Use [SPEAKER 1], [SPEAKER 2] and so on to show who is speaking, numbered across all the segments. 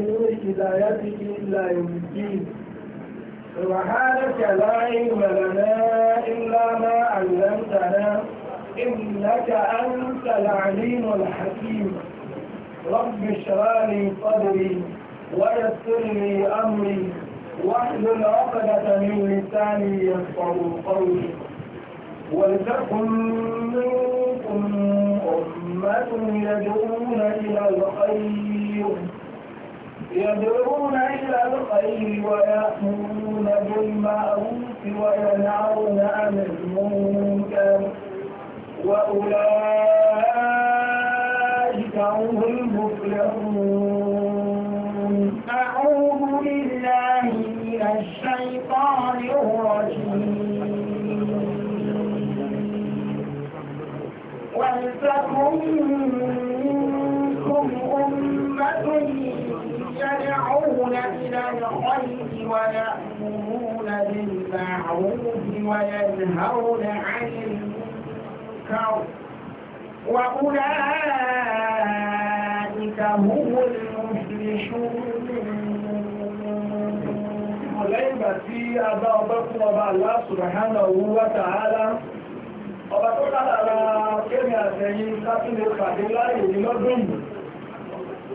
[SPEAKER 1] نور هدايتك إلا يوم الدين سبحانك لا علم لنا إلا ما علمتنا إنك أنت العليم الحكيم رب اشرح لي صدري ويسر لي أمري واحلل عقدة من لساني يفقه قولي ولتكن منكم
[SPEAKER 2] أمة يدعون إلى الخير يدعون إلى الخير ويأمرون بالمعروف وينهون عن المنكر وأولئك هم المفلحون أعوذ بالله من الشيطان الرجيم ولتكن منكم أمة يدعون إلى الخير ويأمرون بالمعروف وينهون عن المنكر وأولئك هم المفلحون
[SPEAKER 1] lẹ́yìnbà tí a bá ọgbẹ́ fún ọba Allah subhanahu wa ta'ala ọba tó dára kéèmì àtẹ̀yìn sáfílẹ̀ pàdé láàrin ìlọ́dún yìí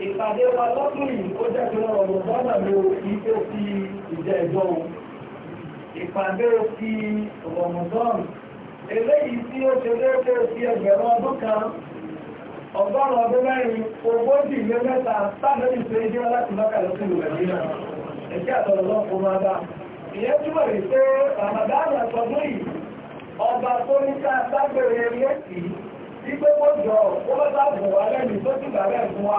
[SPEAKER 1] ìpàdé wa lọ́dún yìí ó jẹ́ pé wọ́n rọrùn lọ́nà ló ìpè fi ìjẹ́ ẹ̀jọ́ o ìpàdé fi rọmọdán eléyìí tí ó ṣe léṣe fi ẹgbẹ̀rún ọdún kan ọgọ́rùn ọdún mẹ́rin ogójì ilé mẹ́ta sáàbẹ̀lì tó ń jẹ́ láti mọ́kà lọ́sùn ìlú nàìjíríà ẹ̀jẹ̀ àtọ̀lọ́lọ́ kò máa bá ìyẹn túmọ̀ rí pé ramadan àtọ́dún yìí ọba tó ní ká ságbèrè ẹ̀rí ẹ̀sì tí pé kó jọ ó bá bá bùn wá lẹ́nu tó ti bàbá ẹ̀ fún wa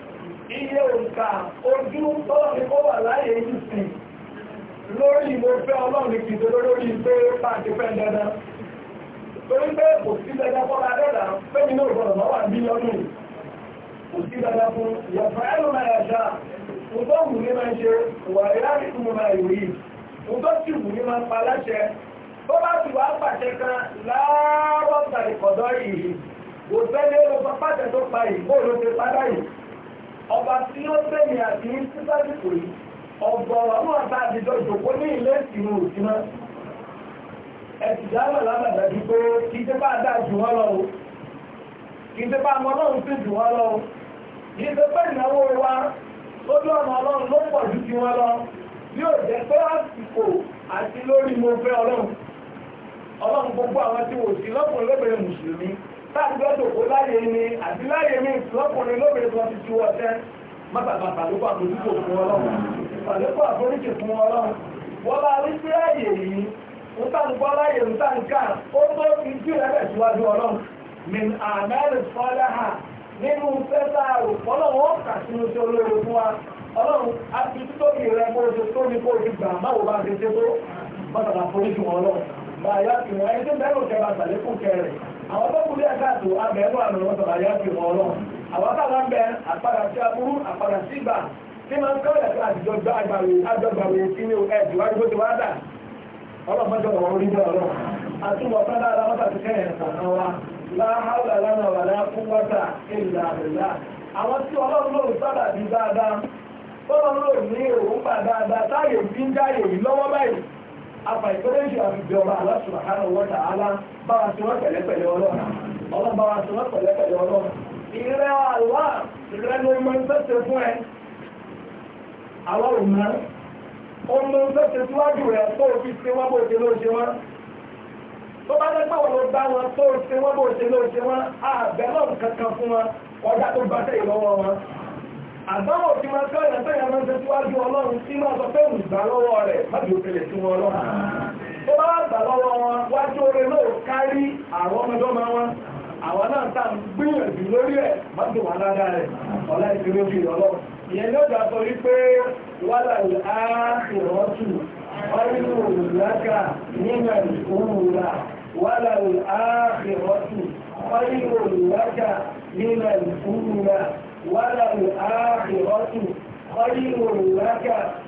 [SPEAKER 1] iye òǹkà ojú tọ́lọ́ni kó wà láyé ìsìn lórí mo fẹ́ ọlọ́run ìpìdó lórí pé pàtí fẹ́ dandan torí pé kò sí dandan fọ́lá dẹ́dà fẹ́mi náà gbọ́dọ̀ máa wà ní ọdún kò sí dandan fún yàtọ̀ ẹnu máa yàtọ̀ nǹkan wù ní máa ń ṣe wà láti fún mi máa yòrí nǹkan sì wù ní máa ń pa láṣẹ tó bá sì wá pàṣẹ kan láàárọ̀ tàbí kọ̀dọ̀ yìí kò sẹ́ni ó lọ pàṣẹ tó pa yìí bóòlù ti padà yìí ọba tí ó gbẹ̀yìn àti sípàdé kò yìí ọ̀gbọ̀rọ̀ àwọn àgbà àdìjọ ìjòkó ní ilé ìsinmi òsínà ẹ̀sìdáwà lábàdájú pé kí tẹ́ bá dáa jù wọ́n lọ kí tẹ́ bá wọn lọ́run sí jù wọ́n lọ kí tẹ́ bá ìnáwó wa lójú ọ̀nà ọlọ́run ló pọ̀ ju ti wọn lọ bí ó jẹ́ pé àsìkò àti lórí mo fẹ́ ọlọ́run ọlọ́run gbogbo àwọn tí wò sí lọ́kùnrin lóbìnrin mùsùlùmí táàgbẹ́dòkó láyé ni àti láyé ní ìtìlọ́kùnrin lóbìnrin tó ti ju ọ̀tẹ́ mọ́tàbàtà ló pàtó dúpọ̀ fún ọlọ́run pàdépọ̀ àforíkì fún ọlọ́run wọ́n bá rí sí láyé yìí ń tàǹkọ́ láyé ń tàǹkà ó tó fi jù lẹ́bẹ̀ síwájú ọlọ́run min àmẹ́rì fọ́láhà nínú fẹ́ta ọlọ́run ó kà sínú sí olóore fún wa ọlọ́run á fi títóbi rẹ kó o ṣe tó ní kó o ti gbà máwo bá ṣe ṣe tó mọ́tàbà àforíkì wọn ọlọ́run bàyá ìwọ̀n ẹni tó bẹ́ẹ̀ àwọn tó kú díẹ̀ káàtó abẹ́rú àmì wọn sọ̀rọ̀ ayé fi wọn lọ àwọn táwa ń bẹ àpàdà sí aburú àpàdà sí ibà tí máa ń kọ́ ẹ̀ka àtijọ́ gbá àgbàwé àjọgbàwé sínú ẹ̀dì wájú bó ti wá dà ọlọ́mọdé ọ̀rọ̀ orí bẹ́ẹ̀ ọlọ́ àtúbọ̀ sádà alámọ́ta ti kẹ́yìn ẹ̀sán wa láhàlà lánàá wà láfúwọ́tà ìlà àbẹ̀là àwọn di dáadáa ọlọ́run lòun ní òun pa dáadáa táyè fi ń dáyè afàìfẹ́lẹ́jù àfijọba aláṣùmáhánà wọ́ta alá bá wa sí wọ́n pẹ̀lẹ́pẹ̀lẹ́ ọlọ́run ọlọ́run bá wa sí wọ́n pẹ̀lẹ́pẹ̀lẹ́ ọlọ́run ìrẹ́ àlá ìrẹ́ ló mọ ìfẹ́sẹ̀ fún ẹ àwọn òmìnira ó mọ ìfẹ́sẹ̀ síwájú rẹ̀ tó o fi ṣe wọ́n bó àbáwọ̀ tí máa káyà sẹ́yà máa ń tẹ́ síwájú ọlọ́run tí máa sọ pé ìgbà lọ́wọ́ rẹ̀ má bí òkèlè sí wọn lọ́wọ́ tó bá gbà lọ́wọ́ wọn wájú orin náà kárí àwọn ọmọdé ọmọ wọn àwọn náà tá ń gbìyànjú lórí ẹ̀ má bí wọn lára rẹ̀ ọ̀la ìsinmi fi ìyẹn ní ọjà وللآخرة خير لك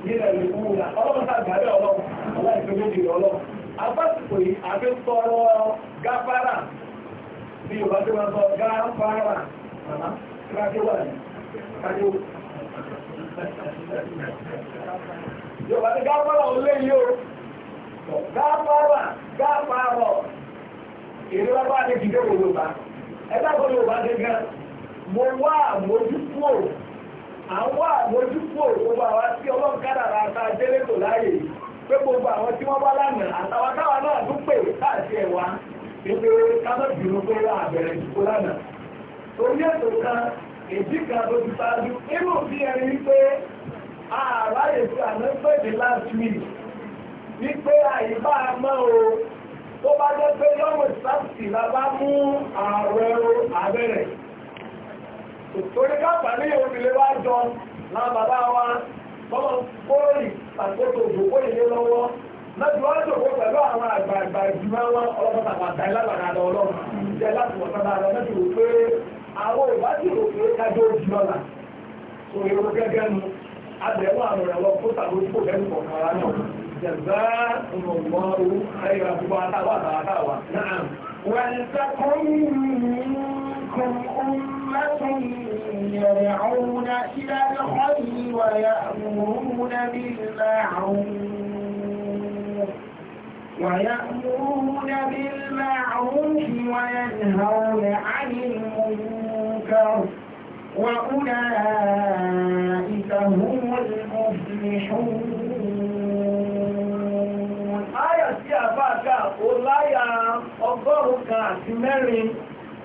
[SPEAKER 1] من الأولى ọlọ́run sàgbàdé ọlọ́run aláìsàn méjì ọlọ́run abásìkò yìí àti sọ̀rọ̀ gáfárà bí yorùbá tó máa sọ gáfárà màmá kíláàkì wà ní kájú yorùbá ní gáfárà ó lé yìí o gáfárà gáfárà èrè wá bá a ti dìde wò yorùbá ẹ dákọ̀ yorùbá ti gan mo wá àmójúkúò àwọn àmójúkúò gbogbo àwọn tí ọlọ́run kádàrà àta délẹ́tò láàyè pé gbogbo àwọn tí wọ́n bá lánàá àtàwọn táwa náà tún pè káàkiri ẹ̀wà ìpè kábọ̀tì ló pé àbẹ̀rẹ̀ ìdìbò lánàá torí ètò kan èdè kan tó ti ṣáájú inú bí ẹni wípé ààráyè tí a pè ní last week wípé àyíká mọ́ o tó bá jẹ́ pé yọ́mù sáàtì la bá mú ààrẹ o àbẹ̀rẹ̀ torí káàpà ní òbílé wá jọ náà bàbá wa tọ́mọ kóòrì àkótó òjòkó ìlé lọ́wọ́ lọ́jọ́ wá jòkó pẹ̀lú àwọn àgbààgbà ìjùmọ̀ wọn ọlọ́pàá tàbí àtàlẹ́ lábàrá lọ ọlọ́run jẹ́ láti wọ̀ sábà lọ lọ́jọ́ rò pé àwọn ìbá sì rò pé kájọ́ òjì lọ́la tó èrò gẹ́gẹ́ nu abẹ́wọ̀ àmọ̀ rẹ̀ lọ kó tàbí kó lẹ́nu kọ̀ọ̀kan wa náà jẹ̀bá ìmọ̀gbọ́n orú ayélujára gbogbo àtàwọn àtàwọn náà wọ́n ń
[SPEAKER 2] sẹ́kọ̀ọ́ منكم أمة يدعون إلى الخير ويأمرون بالمعروف ويأمرون بالمعروف وينهون عن المنكر وأولئك هم المفلحون
[SPEAKER 1] Ayọ̀ sí àbáta, ó láyà ọgọ́rùn-ún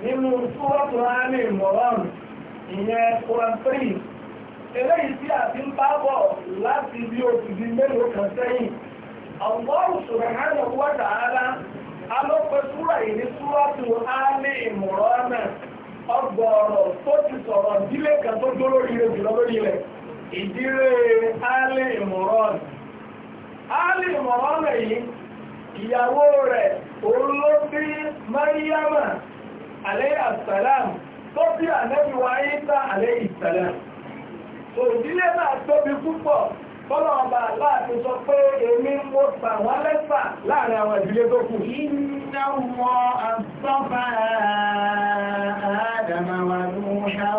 [SPEAKER 1] nínú súwọ́tò àmì ìmọ̀ràn ìyẹn kúrọ̀tírì eléyìí tí a ti ń bá bọ̀ láti bí oṣù di mélòó kan sẹ́yìn Allahu subhanahu wa ta'ala alọ́pẹ́ súra yìí ní súwọ́tò àmì ìmọ̀ràn ọgbọ̀ọ̀rọ̀ tó ti sọ̀rọ̀ ìdílé kan tó dó lórí jùlọ lórí rẹ̀ ìdílé àmì ìmọ̀ràn àmì ìmọ̀ràn yìí ìyàwó rẹ̀ òun ló alayhi assalam tó bí ànábì wa Ìsá alayhi assalam tó ìdílé náà tóbi púpọ̀ tọ́lọ̀ ọba láti sọ pé èmi ń mọ́ pa wọ́n lẹ́sà láàrin
[SPEAKER 2] àwọn ìdílé tó kù. iná wọn àtọ́fà àdàmà wà lóhà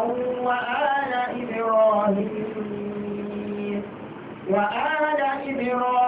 [SPEAKER 2] wà áyà ìbìrọ̀ ní wà áyà ìbìrọ̀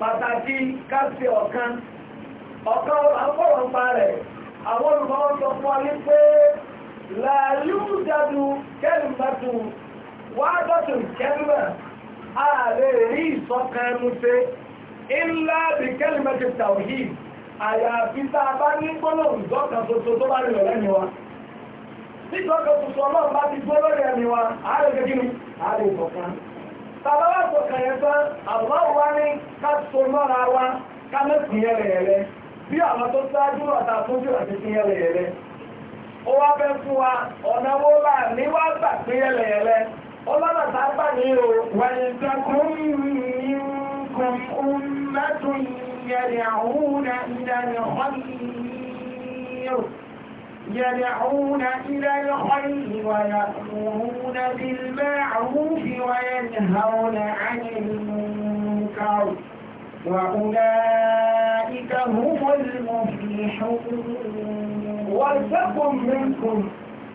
[SPEAKER 1] pàtàkì káṣí ọ̀kan ọ̀kan àpọ̀rọ̀ǹpa rẹ̀ àwọn olùmọ̀ọ́ sọ fún ọlé pé làlúùdàdù kẹ́lùmọ̀tù wàdọ̀tù kẹ́lùmọ̀ a lè rí ìsọ̀kan ẹnu ṣe ńlá bí kẹ́lùmọ̀tù tàwíì àyàfi tá a bá ní gbólóhùn ìjọ́kan tuntun tó bá rí rẹ̀ lẹ́nu wa nítorí tuntun ọlọ́run bá ti gbólóhùn ẹ̀mí wa a lè ṣe kí ni a lè sọ̀kan bàbá wa tó kẹ̀yẹ́ tán àwọn wa ní ká so mọ́ra wa ká mọ́ sí yẹ́lẹ̀yẹ́lẹ́ bí àwọn tó sáájú ọ̀tà fún jù àti sí ó wá fẹ́ fún wa ọ̀nà wo bá ní wá gbà sí yẹ́lẹ̀yẹ́lẹ́ ọlọ́nà tá a gbà ní o wẹ̀yìn tẹkùn nye
[SPEAKER 2] kùn mẹ́tùn àwọn يدعون إلى الخير ويأمرون بالمعروف وينهون عن المنكر وأولئك هم المفلحون
[SPEAKER 1] ولتكن منكم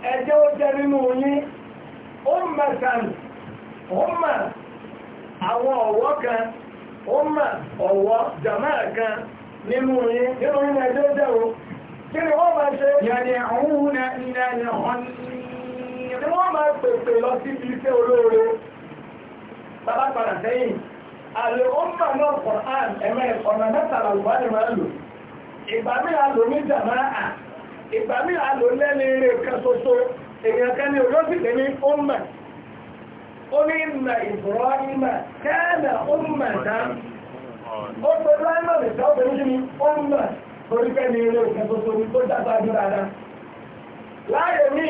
[SPEAKER 1] أتوترموني أمة أمة àwọn ọ̀wọ́ kan ó mà ọ̀wọ́ jàmáà kan nínú kí ni wọ́n máa ṣe yẹ̀rẹ̀ ọ̀hún na ilẹ̀ ẹ̀hàn ni wọ́n máa pèpè lọ sí ibi iṣẹ́ olóore bàbá padà sẹ́yìn àlè ó ń bà náà Qur'an ẹ̀mẹ́ ọ̀nà mẹ́tàlá ìwádìí máa lò ìgbà mí àlò ní jàmáà ìgbà mí àlò lẹ́ni eré kan ṣoṣo èèyàn kan ní olóṣìṣẹ́ ní ó ń ó ní ìmọ̀ ìbùrọ̀ ìmọ̀ kẹ́ẹ̀nà ó ń dá ó pe láìmọ̀ nìkan torí pé ní ilé òkè tó tóbi tó dágbà jù dáadáa. láàyè mi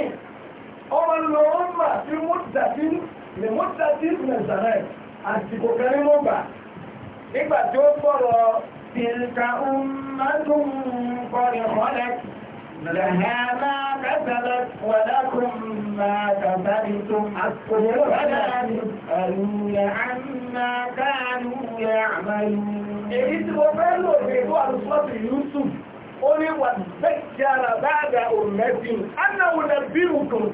[SPEAKER 1] ọmọ ló ń mà sí mọ́tàtí ní mọ́tàtí nàìjíríà àsìkò kan ní mọ́gbà nígbà tí ó sọ̀rọ̀ tìǹkà
[SPEAKER 2] ńmádùn kọrin mọ́lẹ̀ لها ما
[SPEAKER 1] كسبت èyí tí mo fẹ́ lò ní ìlú àlùfọ́tì Yusuf ó ní wà bẹ́jára báàdà òmẹ́sìn anáwò lè bí òkun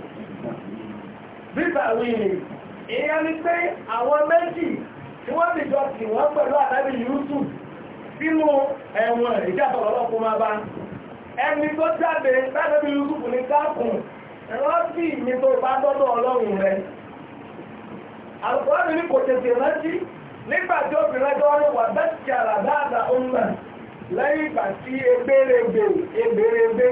[SPEAKER 1] bíbà ìyá ni pé àwọn méjì tí wọ́n ti jọ kì wọ́n pẹ̀lú àtàbí Yusuf sínú ẹ̀wọ̀n ìjábọ̀ máa bá ẹni tó jáde látàbí Yusuf ní káàkùn rántí mi tó bá ọlọ́run rẹ̀ nígbà tí ó bìnrin tó rí wà dákìkàrà dáadáa ọmọ lẹ́yìn ìgbà tí ebèrèbè ebèrèbè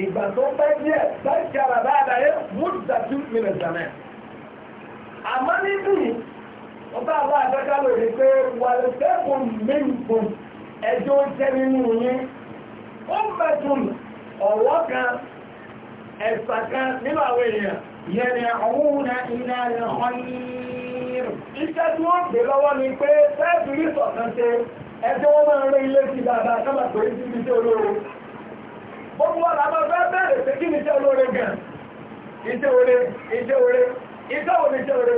[SPEAKER 1] ìgbà tó pẹ́ díẹ̀ dákìkàrà dáadáa yẹ múdàtú mílẹ̀sánẹ̀ àmọ́ níbi ọba àbá àtẹ́ká lòdì pé wà lẹ́sẹ̀kùn mímkùn ẹjọ́ jẹ́ nínú yín ó mẹ́tùn ọ̀wọ́ kan ẹ̀sà kan nínú àwọn èèyàn yẹn ni àwọn òun náà ìlànà ọ̀yìn iṣẹ́ tí wọ́n gbé lọ́wọ́ ni pé fẹ́ẹ̀bì rí sọ̀tàn ṣe ẹjọ́ wọn máa ń rí ilé sí dáadáa sábà pé sí ibi iṣẹ́ olóore gbogbo wọn làwọn fẹ́ bẹ̀rẹ̀ pé kí ni iṣẹ́ olóore gan iṣẹ́ oore iṣẹ́ oore iṣẹ́ òní iṣẹ́ oore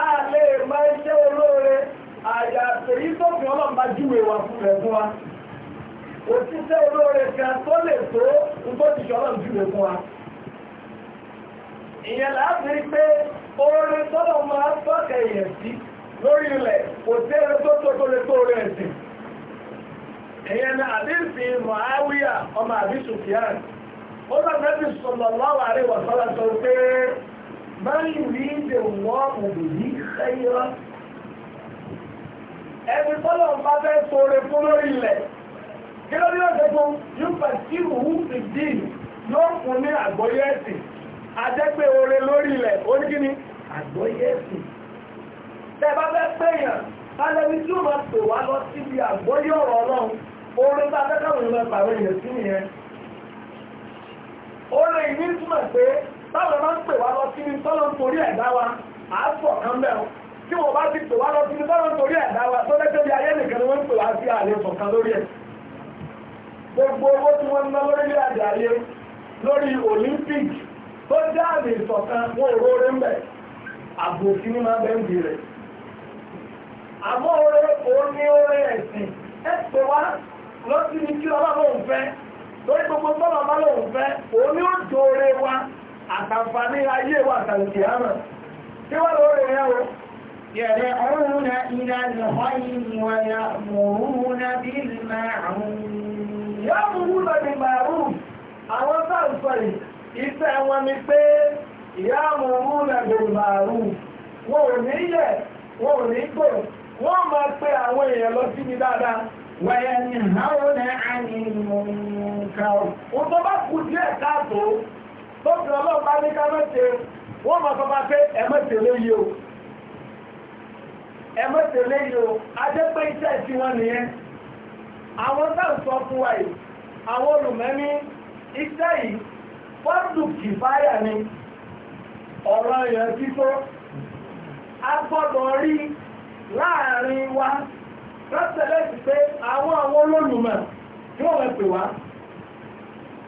[SPEAKER 1] a lè mọ iṣẹ́ olóore àyàfẹ́ yìí tó fi ọlọ́run bá júwe wa fún rẹ̀ fún wa òṣìṣẹ́ olóore kan tó lè tó ń tó ti ṣọlọ́run júwe fún wa ìyẹn làá fi pé orin tọ́lọ̀ máa tọ́kẹ̀ èèyàn sí lórí ilẹ̀ kò sí ẹni tó tó tó lè tó rẹ̀ sí èèyàn ni àdínsì mọ̀háwíyà ọmọ àbí sùfìàn ó lọ mẹ́bí sọ̀lọ̀ lọ́wọ́ àríwọ̀ sọ́lá sọ pé máa ń rí ìdè wọ́n òbí yìí ṣẹ́yọ́ ẹni tọ́lọ̀ bá fẹ́ sóre fún lórí ilẹ̀ kí ló ọ̀sẹ̀ fún yóò pàṣírù hù fìdí yóò ní àgbọ́yé àjẹ́pẹ́ oore lórí ilẹ̀ oníkíní àgbọ́yé ẹ̀sìn tẹ́bá fẹ́ pèèyàn alẹ́bí tí ó máa pè wá lọ síbi àgbọ́yé ọ̀rọ̀ ọlọ́run oore bá fẹ́kàwọn ìlú ẹ̀pà àwọn èèyàn sí nìyẹn oore ìní túmọ̀ pé táwọn máa ń pè wá lọ síbi tọ́lọ́ torí ẹ̀dá wa àásọ̀ kan bẹ́ẹ̀ tí wọ́n bá ti pè wá lọ síbi tọ́lọ́ torí ẹ̀dá wa tó lẹ́gbẹ́ bí ayé nìkan ni wọ́n ń pè wá sí àlejò kan lórí ẹ̀ gbogbo owó tí wọ́n ń ná lórí ilé àjàlé lórí Olympic tó jẹ́ àmì ìṣọ̀kan wọ́n òróró ń bẹ̀ àbò òkú ní máa bẹ́ ń di rẹ̀ àmọ́ oore òní oore ẹ̀sìn ẹ pè wá lọ sí ní kí ọlọ́run lòun fẹ́ lórí gbogbo tọ́lọ̀ bá lòun fẹ́ òní ó dòore wa àtàǹfààní ayé wa àtàǹkì àmà kí wọ́n lóore rẹ̀ o يدعون إلى
[SPEAKER 2] الخير ويأمرون بالمعروف يأمرون
[SPEAKER 1] بالمعروف أوصى الصيد iṣẹ́ wọn ni pé ìyá àmúrú nàbẹ̀ màrú wọn ò ní yẹ wọn ò ní gbò wọ́n máa pe àwọn èèyàn lọ sí mi dáadáa wẹ̀yẹ ni àwọn ọ̀nà àní mọ̀ọ́ká o. o tó bá kú díẹ̀ káàtó tó fi ọlọ́run ní ká mẹ́tẹ̀ wọ́n máa sọ bá pé ẹ̀mẹ́tẹ̀ o ẹ̀mẹ́tẹ̀ léyìí o ajẹ́ pé iṣẹ́ tí wọ́n nìyẹn àwọn sọ fún wa yìí àwọn fọ́dù kìfáyà ni ọ̀rọ̀ èèyàn tító a gbọ́dọ̀ rí láàrin wa lọ́sẹ̀lẹ́sì pé àwọn àwọn olólùmọ̀ tí wọ́n mẹ́pẹ̀ wá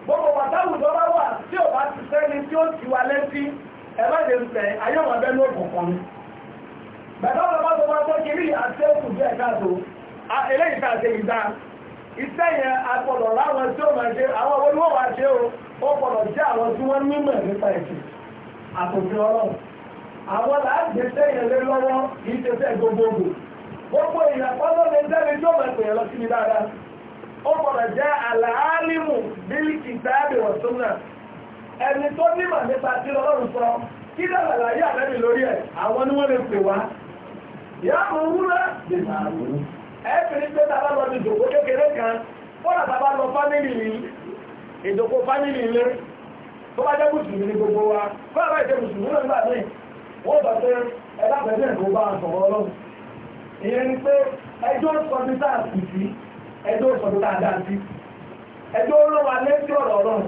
[SPEAKER 1] gbogbo pàtàkùn bá wà tí ò bá ti sẹ́ni tí ó ti wà lẹ́sí ẹ̀lọ́dẹ̀ ìpẹ̀ ayọ́mọ̀bẹ́ ló kọ̀kan bẹ̀tọ́ lọ bá tó bá tó kiri àti ẹkù jẹ́ ìkáàtò eléyìí tàbí ìdá iṣẹ́ yẹn agbọ́dọ̀ láwọn tí ó máa ṣe àwọn olówó wa ṣe o ó gbọ́dọ̀ jẹ́ àwọn tí wọ́n nímọ̀ nípa ẹ̀sìn àtòfin ọlọ́run àwọn làágbé sẹ́yìn lé lọ́wọ́ kì í ṣe fẹ́ gbogbogbò gbogbo ìyàpọ̀ lóde jẹ́ni tí ó mọ̀ pè é lọ síbi dáadáa ó gbọ́dọ̀ jẹ́ àlàálìmù bílíkì sáábì wọ̀túnà ẹni tó nímọ̀ nípa tí ọlọ́run sọ kí lọ́wọ́ làyé àlẹ́bì lórí ẹ̀ àwọn ni wọ́n lè pè wá ìyá àwọn wúlá lè máa wù ẹ́ fi ní pé tá a bá ìdòkó fámílì ilé tó bá jẹ́ mùsùlùmí ní gbogbo wa fún àbá ìṣe mùsùlùmí náà nígbà míì wọ́n bá pé ẹ̀dá pẹ̀lú ẹ̀kọ́ bá sọ̀rọ̀ ọlọ́run ìyẹn ni pé ẹjọ́ sọdútà àtìsí ẹjọ́ sọdútà àdáàtì ẹjọ́ olówó alẹ́ sí ọ̀rọ̀ ọlọ́run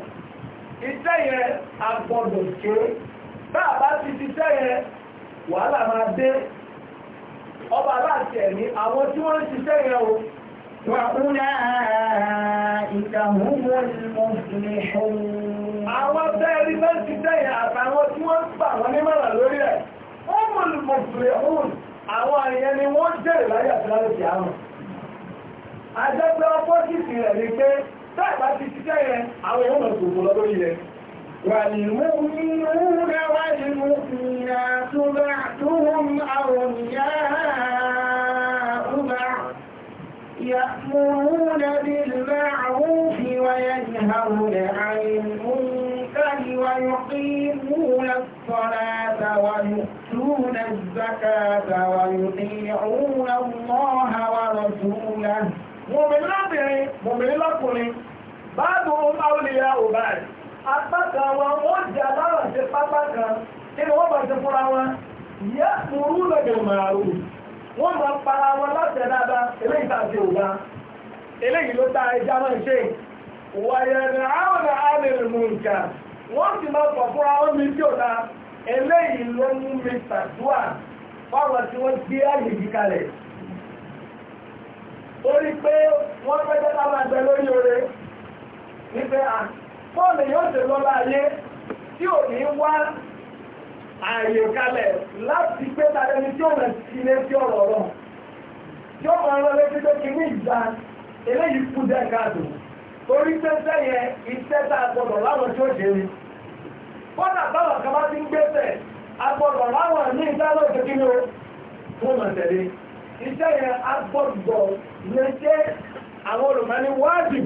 [SPEAKER 1] iṣẹ́ yẹn ṣe bá a bá ti yẹn wàhálà máa dé ọba aláàtì ẹ̀mí àwọn tí wọ́n ń ṣiṣẹ́ o وأولئك هم المفلحون àwọn tẹ́rí bá ti dẹ́yà àtàwọn tí wọ́n gbà wọ́n ní lórí ẹ̀ wọ́n àwọn ni wọ́n jẹ́rì láyé àtìláyé
[SPEAKER 2] يأمرون بالمعروف وينهون عن المنكر ويقيمون الصلاة ويؤتون الزكاة ويطيعون الله
[SPEAKER 1] ورسوله mọ̀mìnlákùnrin báàbùn áwùlẹ̀yà òbáàdì apá kan wọn wọ́n jẹ́ aláwọ̀ sí pápá kan nínú wọ́n bá ti ya wọ́n máa para wọn láti ẹ̀ dáadáa eléyìí tá a ṣe òwá eléyìí ló dá ẹja náà ṣe wàyẹ̀rẹ̀ àwọn àmìrì mú nǹkan wọ́n sì máa pọ̀ fún àwọn mi tí ò dá eléyìí ló mú mi tàdúà fáwọn tí wọ́n gbé àyè yìí kalẹ̀ torí pé wọ́n fẹ́ jẹ́ ká máa gbẹ lórí oore nígbẹ́ à fọ́ọ̀lù yóò ṣe lọ́la ayé tí ò ní wá ààyè kalẹ̀ láti pé tàbí ẹni tí ó rẹ̀ sí ilé tí ọ̀rọ̀ ọ̀rọ̀ tí ó máa ń rọlé kí ní ìgbà eléyìí kú dẹ́ pé sẹ́yẹ iṣẹ́ tá a gbọdọ̀ láwọn tí ó ṣe ni báwọn kan bá ti ń gbéṣẹ̀ ní kí ni ó àwọn wájú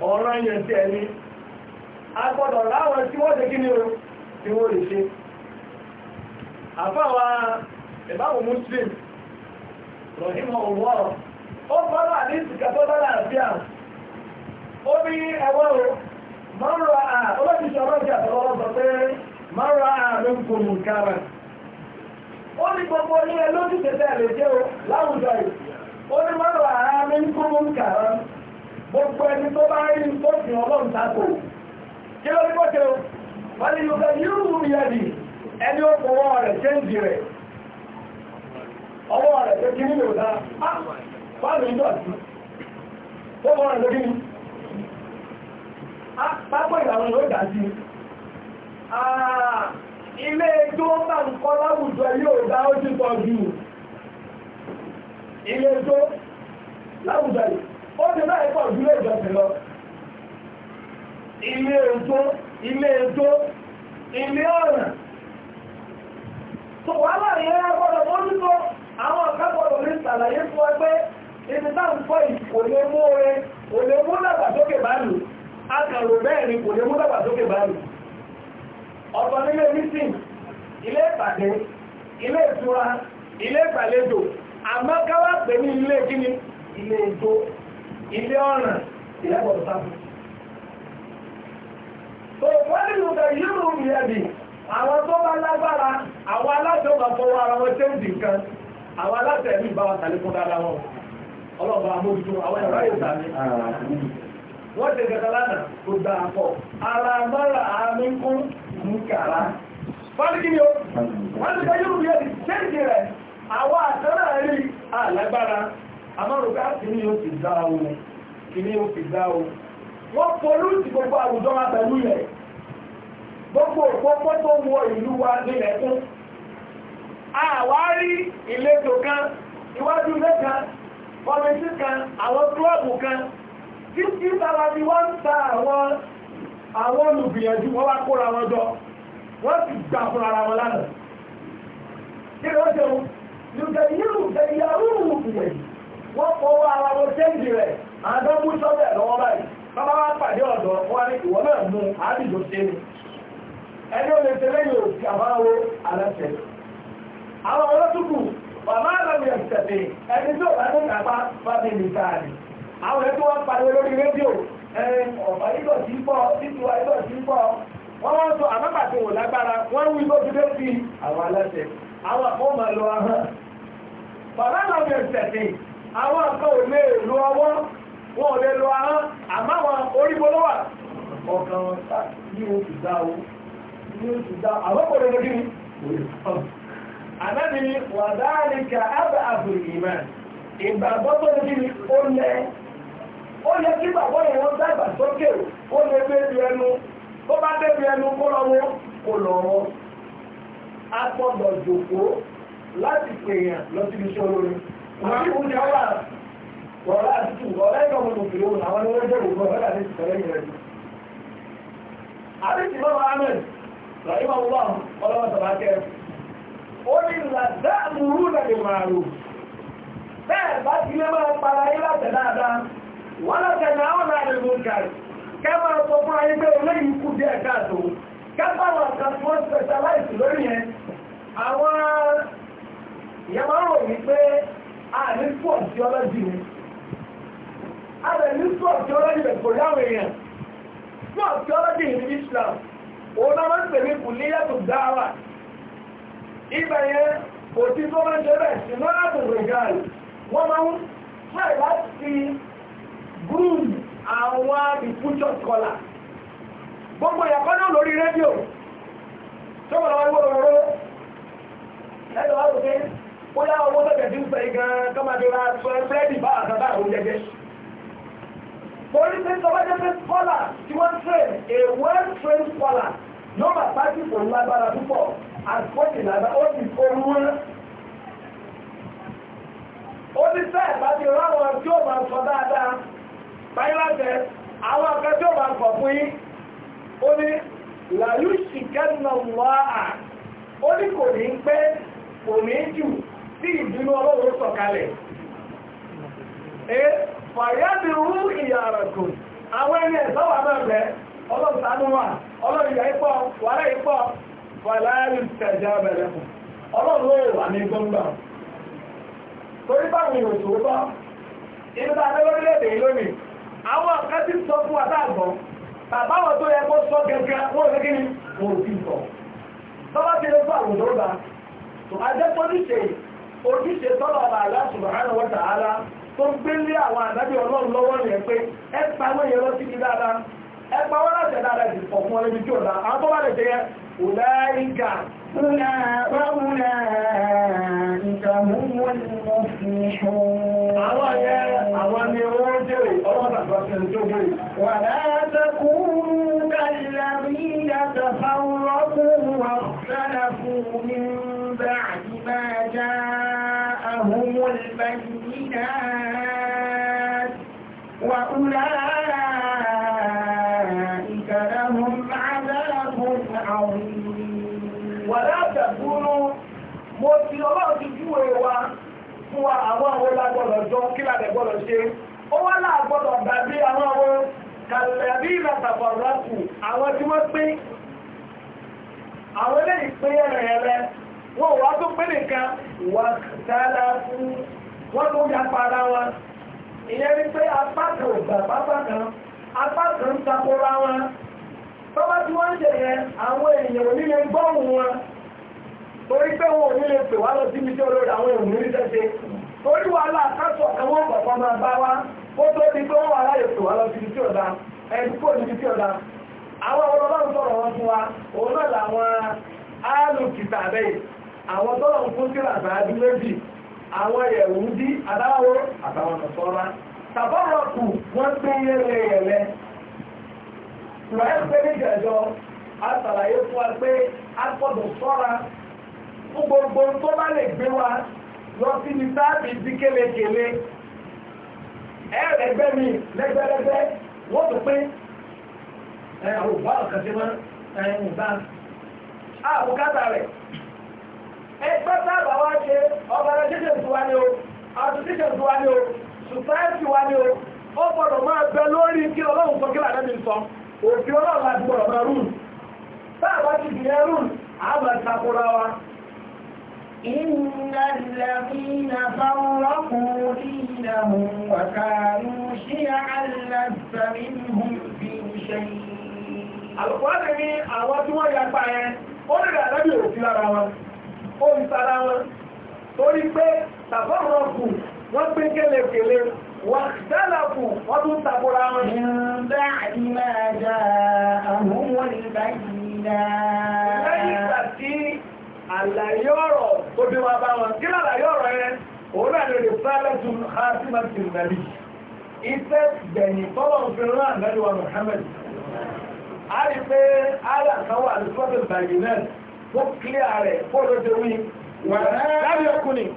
[SPEAKER 1] ọ̀ràn yẹn tẹ̀lé a gbọdọ̀ láwọn tí wọ́n ṣe kí ni àfáwà ìbáwò muslim rọ̀hìmọ̀ ọ̀wọ́ ó fọ́nà ní ó o mọ́rọ̀ à olóòtúnṣe ọlọ́ọ̀dì àtọwọ́ pé mọ́rọ̀ à ló ń kò ó ní gbogbo ní ẹ lójúṣe jẹ́ o láwùjọ yìí ó ní mọ́rọ̀ à ló ń kò gbogbo ẹni tó bá rí tó fi ọlọ́run tako kí ló ní o ní yorùbá ẹni ó fọwọ́ rẹ̀ ṣẹ́ǹdì rẹ̀ ọwọ́ rẹ̀ tó kí ìjọ fọwọ́ rẹ̀ tó pápọ̀ ìlànà ló dà sí ilé tó bá ń kọ́ láwùjọ yóò dá ó ti pọ̀ jù ilé tó láwùjọ ó ti náà pọ̀ jù lé ìjọsìn lọ tó wàhálà yẹn agbọ́dọ̀ mójútó àwọn akẹ́kọ̀ọ́ lè ṣàlàyé fún wa pé ibi táwọn fọ́ yìí kò lè mú oore kò lè mú dàgbàsókè bá lù akàrò bẹ́ẹ̀ ni kò lè mú dàgbàsókè bá lù ọ̀tọ̀ nílé mísìn ilé ìpàdé ilé ìtura ilé ìgbàlejò àmọ́ káwà pè ní ilé wọ́n nínú ìgbà yìí ìyẹ̀bì àwọn tó bá lágbára àwọn aláṣẹ ọba fọwọ́ ara wọn ṣéǹdì nǹkan àwọn aláṣẹ ẹ̀mí ìbá wa tàlékún dára wọn ọlọ́ba amójútó àwọn ẹ̀rọ ìta ni wọ́n ṣe kẹta lánàá tó dá akọ ara mọ́ra àmì kún mú kàrá fọ́nì ni ó wọ́n ti fẹ́ yóò rẹ̀ àwọn rí alágbára ah, o o gbogbo òpópó tó wọ ìlú wa nílẹ̀ fún àwárí ìletò kan iwájú kan kọmẹtí kan àwọn klọ́ọ̀bù kan títí tàbí ni wọ́n ta àwọn olùgbìyànjú wọ́n wá kóra wọn jọ wọ́n gbà fún ara wọn lánàá kí ló ṣeun lùdẹ̀yìrù dẹ̀yàrú ìwẹ̀ wọ́n fọwọ́ ara wọn ẹni ò lè tẹ́lẹ̀ yóò ti àbáwo aláṣẹ àwọn ọlọ́tùkù bàbá àlàmì ẹ̀sẹ̀tẹ̀ ẹni tó bá ní kápá bá ní nìtaàlì àwọn ẹni tó wá pariwo lórí rédíò ọ̀fà ìgbọ̀ sí pọ̀ títúwa ìgbọ̀ sí pọ̀ wọ́n wọ́n sọ àbábàtì wò lágbára wọ́n wí bó ti dé sí àwọn aláṣẹ àwọn àpò máa lọ ahọ́n bàbá àlàmì ẹ̀sẹ̀tẹ̀ àwọn àpò ò lè lo ọwọ́ wọn ò lè lo ahọ́n àmọ́ àwọn orígbó lọ́wà ọ̀kan yíò ti dá ní oṣù dá àwọn kò lọ́dọ̀ gíní àdáni wàdáríkà ábà àbùrìmà ìgbàgbọ́ tó lè gíní ó lẹ ó lẹ kí bàbọ́ yẹn wọ́n dàgbà sókè ó lè débi ẹnu tó bá débi ẹnu kó lọ́wọ́ kó lọ́wọ́ a gbọ́dọ̀ jòkó láti pèèyàn lọ sí iṣẹ́ olórin wọ́n kú ní ọwà wọ́n láti tù ọ̀lá ìkọ̀mù lòkèrè òun àwọn ẹgbẹ́ òun kọ́ ọ̀lá àti ìtẹ̀lẹ́yìn rẹ̀ àbí ti lọ́wọ́ ahmed ràyíwá wọ́n ọlọ́wọ́ sàbákẹ́ ó ní làdá múrú nàbì màrú bẹ́ẹ̀ bá ti lé máa para yí láti dáadáa wọ́n láti ẹ̀nà àwọn láàrin mú kàrí kẹ́ máa sọ fún ayé pé olóyìn kú díẹ̀ káàtó kẹ́kọ̀ọ́ kan tí wọ́n specialize lórí yẹn àwọn ìyẹn máa ń rò wí pé ni a bẹ̀ ní pọ̀ sí ọlọ́jì kò rí àwọn èèyàn pọ̀ sí Islam òun náà máa ń pè ní kùlíyàtù dáwà ibẹ̀ yẹn kò tí tó máa ń ṣe bẹ́ẹ̀ sí mọ́nàtù rẹ̀gáàlì wọ́n máa ń fẹ́ láti groom àwọn ìfúnjọ kọlà gbogbo ìyàkọ́ náà lórí rédíò tó wọ́n lọ́wọ́ gbogbo ẹ̀dọ̀ wá lókè ó yá owó tọ́jẹ̀ tí ń pẹ̀ gan kọ́mọdé ra fúrẹ́dì bá àtàbà a well-trained scholar. yọba pàtì kò lágbára púpọ̀ àkókò lágbára ó ti kó wọ́n ó ní sẹ́ẹ̀ bá ráwọn tí ó máa sọ dáadáa pàílàtẹ̀ àwọn akẹ́ tí ó máa kọ̀ fún yí ó ní làlúṣì kẹ́nà ó ní kò ní pẹ́ kò ní jù ọlọ́run sọ̀kalẹ̀ rú ìyàrá àwọn ẹni náà bẹ́ẹ̀ ọlọ́run sàánú wà ọlọ́run ìyà ipọ̀ wàrẹ́ ipọ̀ wà láàrin tẹ̀jà bẹ̀rẹ̀ fún ọlọ́run ó wà ní gbọ́ngbà torí báwọn ìwò tó tọ́ inú bá dé lórílẹ̀-èdè lónìí àwọn ọ̀kan ti sọ fún àtàgbọ́n bàbá wọn tó yẹ kó sọ gẹ́gẹ́ wọ́n lé kíni wọn ò fi sọ tọ́lá ti lè fún àwùjọ bá tó ajẹ́ pọ́líṣe ojúṣe tọ́lá ọba àlá subhanahu wa ta'ala tó gbé lé àwọn àdájọ́ ọlọ́run lọ́wọ́ yẹn pé ẹ pa wọ́n yẹn sí ibi dáadáa ẹgbà wọ́n láti ẹ̀dá rẹ̀ dìpọ̀ fún ọlẹ́bí tí ó dá àwọn tó bá lè jẹ́ ọ̀láìgà Àwọn ayẹ́ àwọn ni ó
[SPEAKER 2] من بعد ما جاءهم البينات وأولئك
[SPEAKER 1] tẹ̀gbúnú mo ti ọlọ́run ti jú ewa fún wa àwọn àwọn lágbọ́dọ̀ jọ kí làdẹ̀ gbọ́dọ̀ ṣe ó wá láàgbọ́dọ̀ dàbí àwọn àwọn kàlẹ́bí ìlàtàfọ̀rọ̀kù àwọn tí wọ́n pín àwọn eléyìí pín ẹ̀rẹ̀ ẹ̀rẹ̀ wá tó pín nìkan wà tààlà fún wọ́n tó ya para wọn ìyẹn ni pé apá kan ò gbà pápá kan apá kan ń takora wọn tí wọ́n ń wọn torí pé wọn ò ní pè wá lọ si tí olórí àwọn èèyàn ní oríṣẹ́ ṣe torí wàhálà kásọ̀ àwọn ọ̀pọ̀ máa bá wá ó tó pé wọ́n wà lọ si tí ọ̀dà ẹni kò níbi tí ọ̀dà àwọn ọlọ́run sọ̀rọ̀ wọn fún wa òun náà làwọn alùkìtà bẹ́ẹ̀ àwọn ń fún sílà àbáyájú méjì àwọn dí adáwó àtàwọn wọ́n fún wa pé fún gbogbo tó bá lè gbé wa lọ sí ní sáàbì sí kélekèle ẹ̀rẹ̀gbẹ́ mi lẹ́gbẹ́lẹ́gbẹ́ wọ́n tó pé ọ̀rùbá ọ̀kan tí wọ́n ń bá àbùkátà rẹ̀ ẹgbẹ́ sáàbà wá ṣe ọba ẹgbẹ́ tó wá ní o àtúntíṣẹ́ tó wá ní o sùsáìtì wá ní o ó gbọ́dọ̀ máa bẹ lórí kí ọlọ́run sọ kí làdẹ́bí sọ òfin ọlọ́run láti gbọ́dọ̀ máa rúùn sáàbà ti dìyẹ rúùn àbà ìtakora wa إن الذين فرقوا
[SPEAKER 2] دينهم وكانوا شيعا لست منهم في شيء
[SPEAKER 1] Àlùkọ́lẹ̀ ní àwọn tí wọ́n yàgbà ẹ, ó lè rà lẹ́bí òfin lára wọn, ó ń sára wọn, torí pé tàbọ́rọ̀kù wọ́n pín kélekèlé, wọ́n dálàkù wọ́n tún tàbọ́ra wọn. Ìrìnbá ìmájá àwọn wọ́n ìbáyìí náà àlàyé ọ̀rọ̀ tó bí wá bá wọn kí lálàyé ọ̀rọ̀ yẹn òun náà lè sálẹ́tù hásímàtì nàbí iṣẹ́ gbẹ̀yìn tọ́lọ̀ ń fi rán àgbẹ̀lú wa Muhammad a rí pé àyà kan wà ní sọ́tò bàyìí náà tó kílẹ̀ rẹ̀ kó ló wí wà lábẹ́ ọkùnrin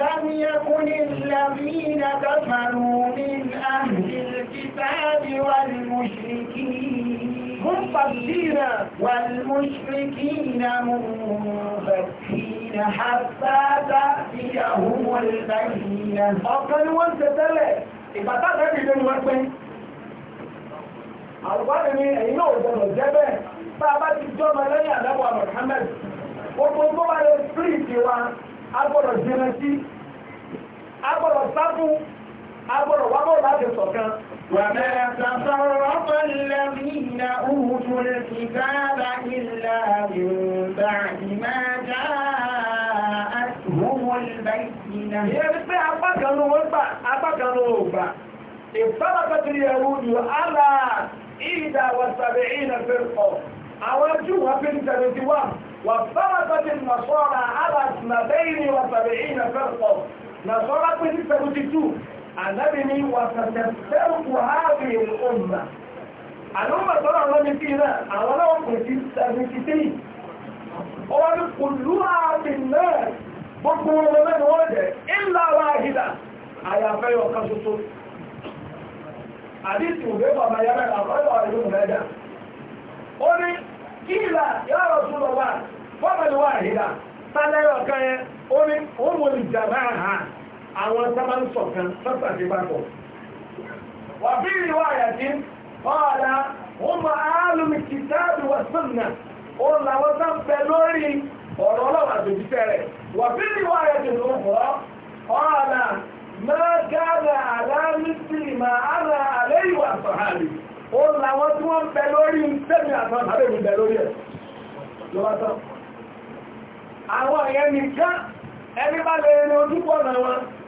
[SPEAKER 1] لم يكن الذين
[SPEAKER 2] كفروا من أهل الكتاب والمشركين مصدقين والمشركين منفكين
[SPEAKER 1] حتى تأتيهم البينة ọ̀kan ni wọ́n ṣe tẹ́lẹ̀ ìpàtà lẹ́bí lórí wọ́n pín àrùbáni ni èyí náà gbọdọ̀ jẹ́ bẹ́ẹ̀ bá a bá ti jọ́ ọmọ lẹ́yìn àdáwọ̀ Mohammed gbogbo tó bá lè fírìtì wa a gbọdọ̀ jẹ́rẹ́ sí a gbọdọ̀ sáfún وما تفرق الذين
[SPEAKER 2] أوتوا الكتاب إلا من بعد ما
[SPEAKER 1] جاءتهم البينة اتفقت اليهود على إحدى وسبعين فرقة أوجوها في الدرجوان وافترقت النصارى على اثنتين وسبعين فرقة نصارى في الدرجوان ànábìní wà sàtẹ̀sẹ̀kù ààbì ọmọ àlọ́mà tọ́lá wọn ní fíì náà àwọn náà kò sí seventy three ọwọ́ ní kùlú ààbì náà gbogbo wọn náà ni wọ́n jẹ́ ńlá wa àhìlà àyàfẹ́ yọ kan ṣoṣo àdìsí òbẹ́ bàbá yàrá àbáyọ̀ àìlú mẹ́ta ó àwọn sábà ń sọ̀kan sọ́sà ti bá pọ̀ wà bí ìwà àyàtí ọ̀la wọ́n ma áàlùmí kìtàbí wà sùnnà ó làwọn sá bẹ lórí ọ̀rọ̀ ọlọ́wà àtòjíṣẹ́ rẹ̀ wà bí ìwà àyàtí ló ń bọ̀ ọ̀la máa gáàdà àlámísì mà ára àlẹ́ ìwà sọ̀hálì ó làwọn tí wọ́n bẹ lórí sẹ́mi àtọ́ àbẹ́ mi bẹ lórí ẹ̀ lọ́wọ́tọ́ àwọn ìyẹn nìkan ẹni bá lè rin ojúbọ̀ náà wọn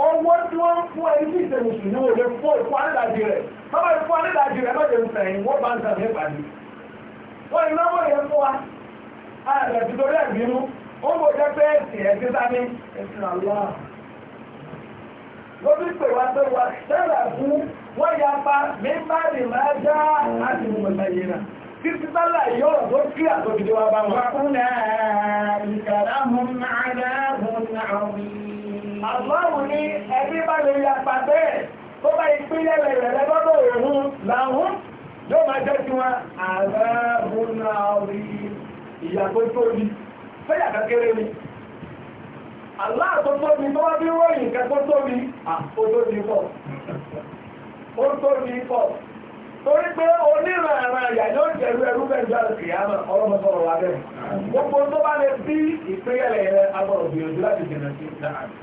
[SPEAKER 1] owó tí wọ́n ń fún ẹni tí ìṣe mùsùlùmí ò lè fún ìfún anídàájì rẹ̀ bábà ìfún anídàájì rẹ̀ lọ́jọ́ ìfẹ̀yìn wọ́n bá ń tàn ní ìpàdé wọ́n iná wọ́n yẹn fún wa ààrẹ ti lórí ẹ̀bínú ó ń bò jẹ́ pé ẹ̀sìn ẹ̀sìn sáré ẹ̀sìn àlọ́ ló fi pè wá pé wá sẹ́lẹ̀ fún wọ́n ya pa mímbà lè máa já láti mú ọ̀sẹ̀ yìí náà títí sálà yóò tó kí àtòkìdí wa bá wọn. wàkúnlẹ̀ ìkàrà mú àdáhùn àwọn àgbáwù ní ẹbí bá lè ya pa bẹ́ẹ̀ tó bá ìpínlẹ̀ rẹ̀ lẹ́gbọ́dọ̀ òun làwọn yóò máa jẹ́ sí wọn àrẹ́bùnà orí ìyà tó tóbi fẹ́yà kékeré ni aláà tó tóbi tó wá bí ròyìn kẹ tó tóbi ó tóbi pọ̀ ó tóbi pọ̀ torí pé oníràn ara àyà yóò jẹ̀rú ẹrú bẹ́jọ́ àkìyàmà ọlọ́mọ sọ̀rọ̀ wa bẹ́ẹ̀ gbogbo tó bá lè bí ìpínyẹ̀lẹ̀ yẹn agbọ̀rọ̀ gbìyànjú láti jìnà sí ìdáhàmì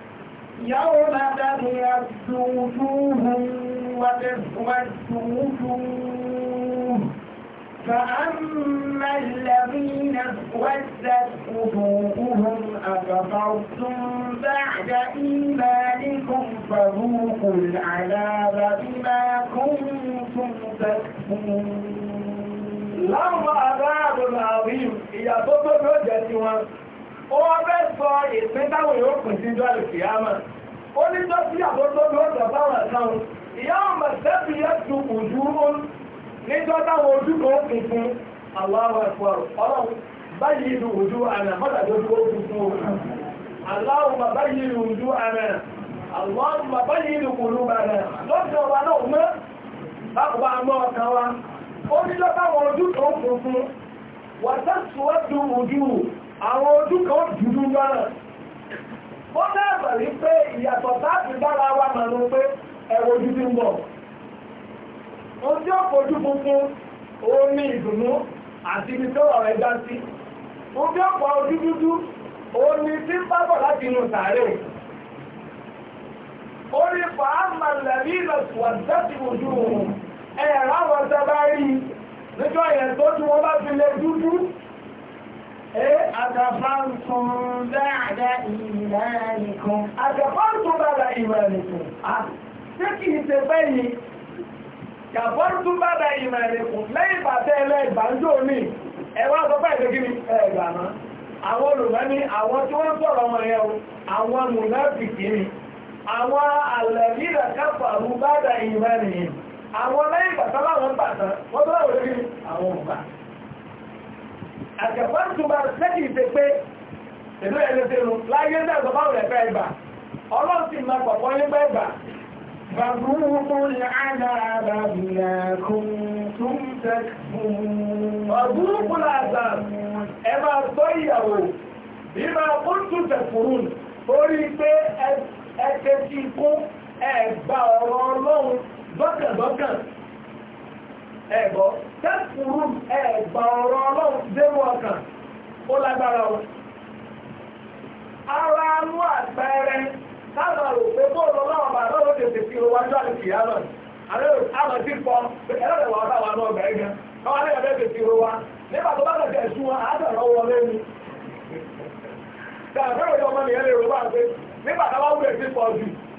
[SPEAKER 2] يوم تبيض وجوه وتسود وجوه فأما الذين اسودت وجوههم أكفرتم بعد إيمانكم فذوقوا العذاب
[SPEAKER 1] بما كنتم تكفرون لهم عذاب عظيم إذا تطلعوا o sọ ìpín táwọn yóò pín sí ìjọ àlùkìyàmà ó ní tó sí àbótó ló sọ fáwọn ẹ̀sán ìyá ọmọ sẹ́fì tu ojú táwọn ojú kan fún aláwọ̀ ẹ̀fọ́ ọlọ́run báyìí ojú àná tó kún fún o aláwọ̀ báyìí lu ojú àná aláwọ̀ báyìí lu kùlù àná lọ́sọ̀ wa náà mọ́ mọ́ ọ̀kan wa ó àwọn ojú kan dúdú lọ́nà ó dáàbà rí pé ìyàtọ̀ táàbì dára wa mà ló pé ẹ̀rọ ojú ti ń bọ̀ o tí ó fojú funfun òun ní ìdùnnú àti ibi tó ọ̀rẹ́ já sí ohun tí ó pọ̀ ojú dúdú òun ní tí ń bábọ̀ láti inú sàárè ó ní fàámà lẹ́bí ìlọ̀sùwà tẹ́sí ojú òun ẹ̀rọ àwọn sábà rí níjọ́ yẹn tó tí wọ́n bá fi lè dúdú أكفرتم بعد إيمانكم أكفرتم بعد إيمانكم Sékìí ṣe fẹ́ yìí, kàfọ́rùtún bàbá ìmọ̀ ẹ̀rẹ̀kùn lẹ́yìn pàtẹ́ ẹlẹ́gbà ń jò ní ẹwà sọpá ìdẹ́gìrì ẹ̀gbà náà. Àwọn olùgbẹ́ ní àwọn tí wọ́n sọ̀rọ̀ ọmọ yẹn o, àwọn mùnáfìkì ni, àwọn àlẹ̀míra kàfàrù bàbá ìmọ̀ ẹ̀rẹ̀yìn, àwọn lẹ́yìn pàtẹ́ láwọn pàtẹ́ wọ́n tó láwọn àjẹ̀fọ́ntúmọ̀ lẹ́kì ìfẹ́ pé ìlú ẹlẹ́sẹ̀nu láyé náà sọ báwọn ẹ̀fẹ́ ẹgbà ọlọ́run sì máa pọ̀pọ̀ nígbà ẹgbà
[SPEAKER 2] فَضُوقُوا الْعَذَابَ بِمَا كُنْتُمْ تَكْفُرُونَ فَضُوقُوا الْعَذَابَ
[SPEAKER 1] ẹ máa tọ́ ìyàwó بِمَا كُنْتُمْ تَكْفُرُونَ torí pé ẹ̀kẹ́ ti kún ẹ̀gbà ọ̀rọ̀ ọlọ́run dọ́kàndọ́kàn ẹ̀gbọ́ tẹ́kùrù ẹ̀gbà ọ̀rọ̀ ọlọ́run dérò ọkàn ó lágbára o ara mú àgbẹ̀rẹ káàmà rò pé bóòlù ọlọ́run bá lọ́wọ́ tètè fi wájú àti ìyálọ̀ àmọ́ tí pọ̀ ẹlẹ́rẹ̀ wà bá wà náà gbẹ̀ẹ́gẹ́ káwọn bẹ́ẹ̀ tètè nígbà tó bá lọ ìṣú wọn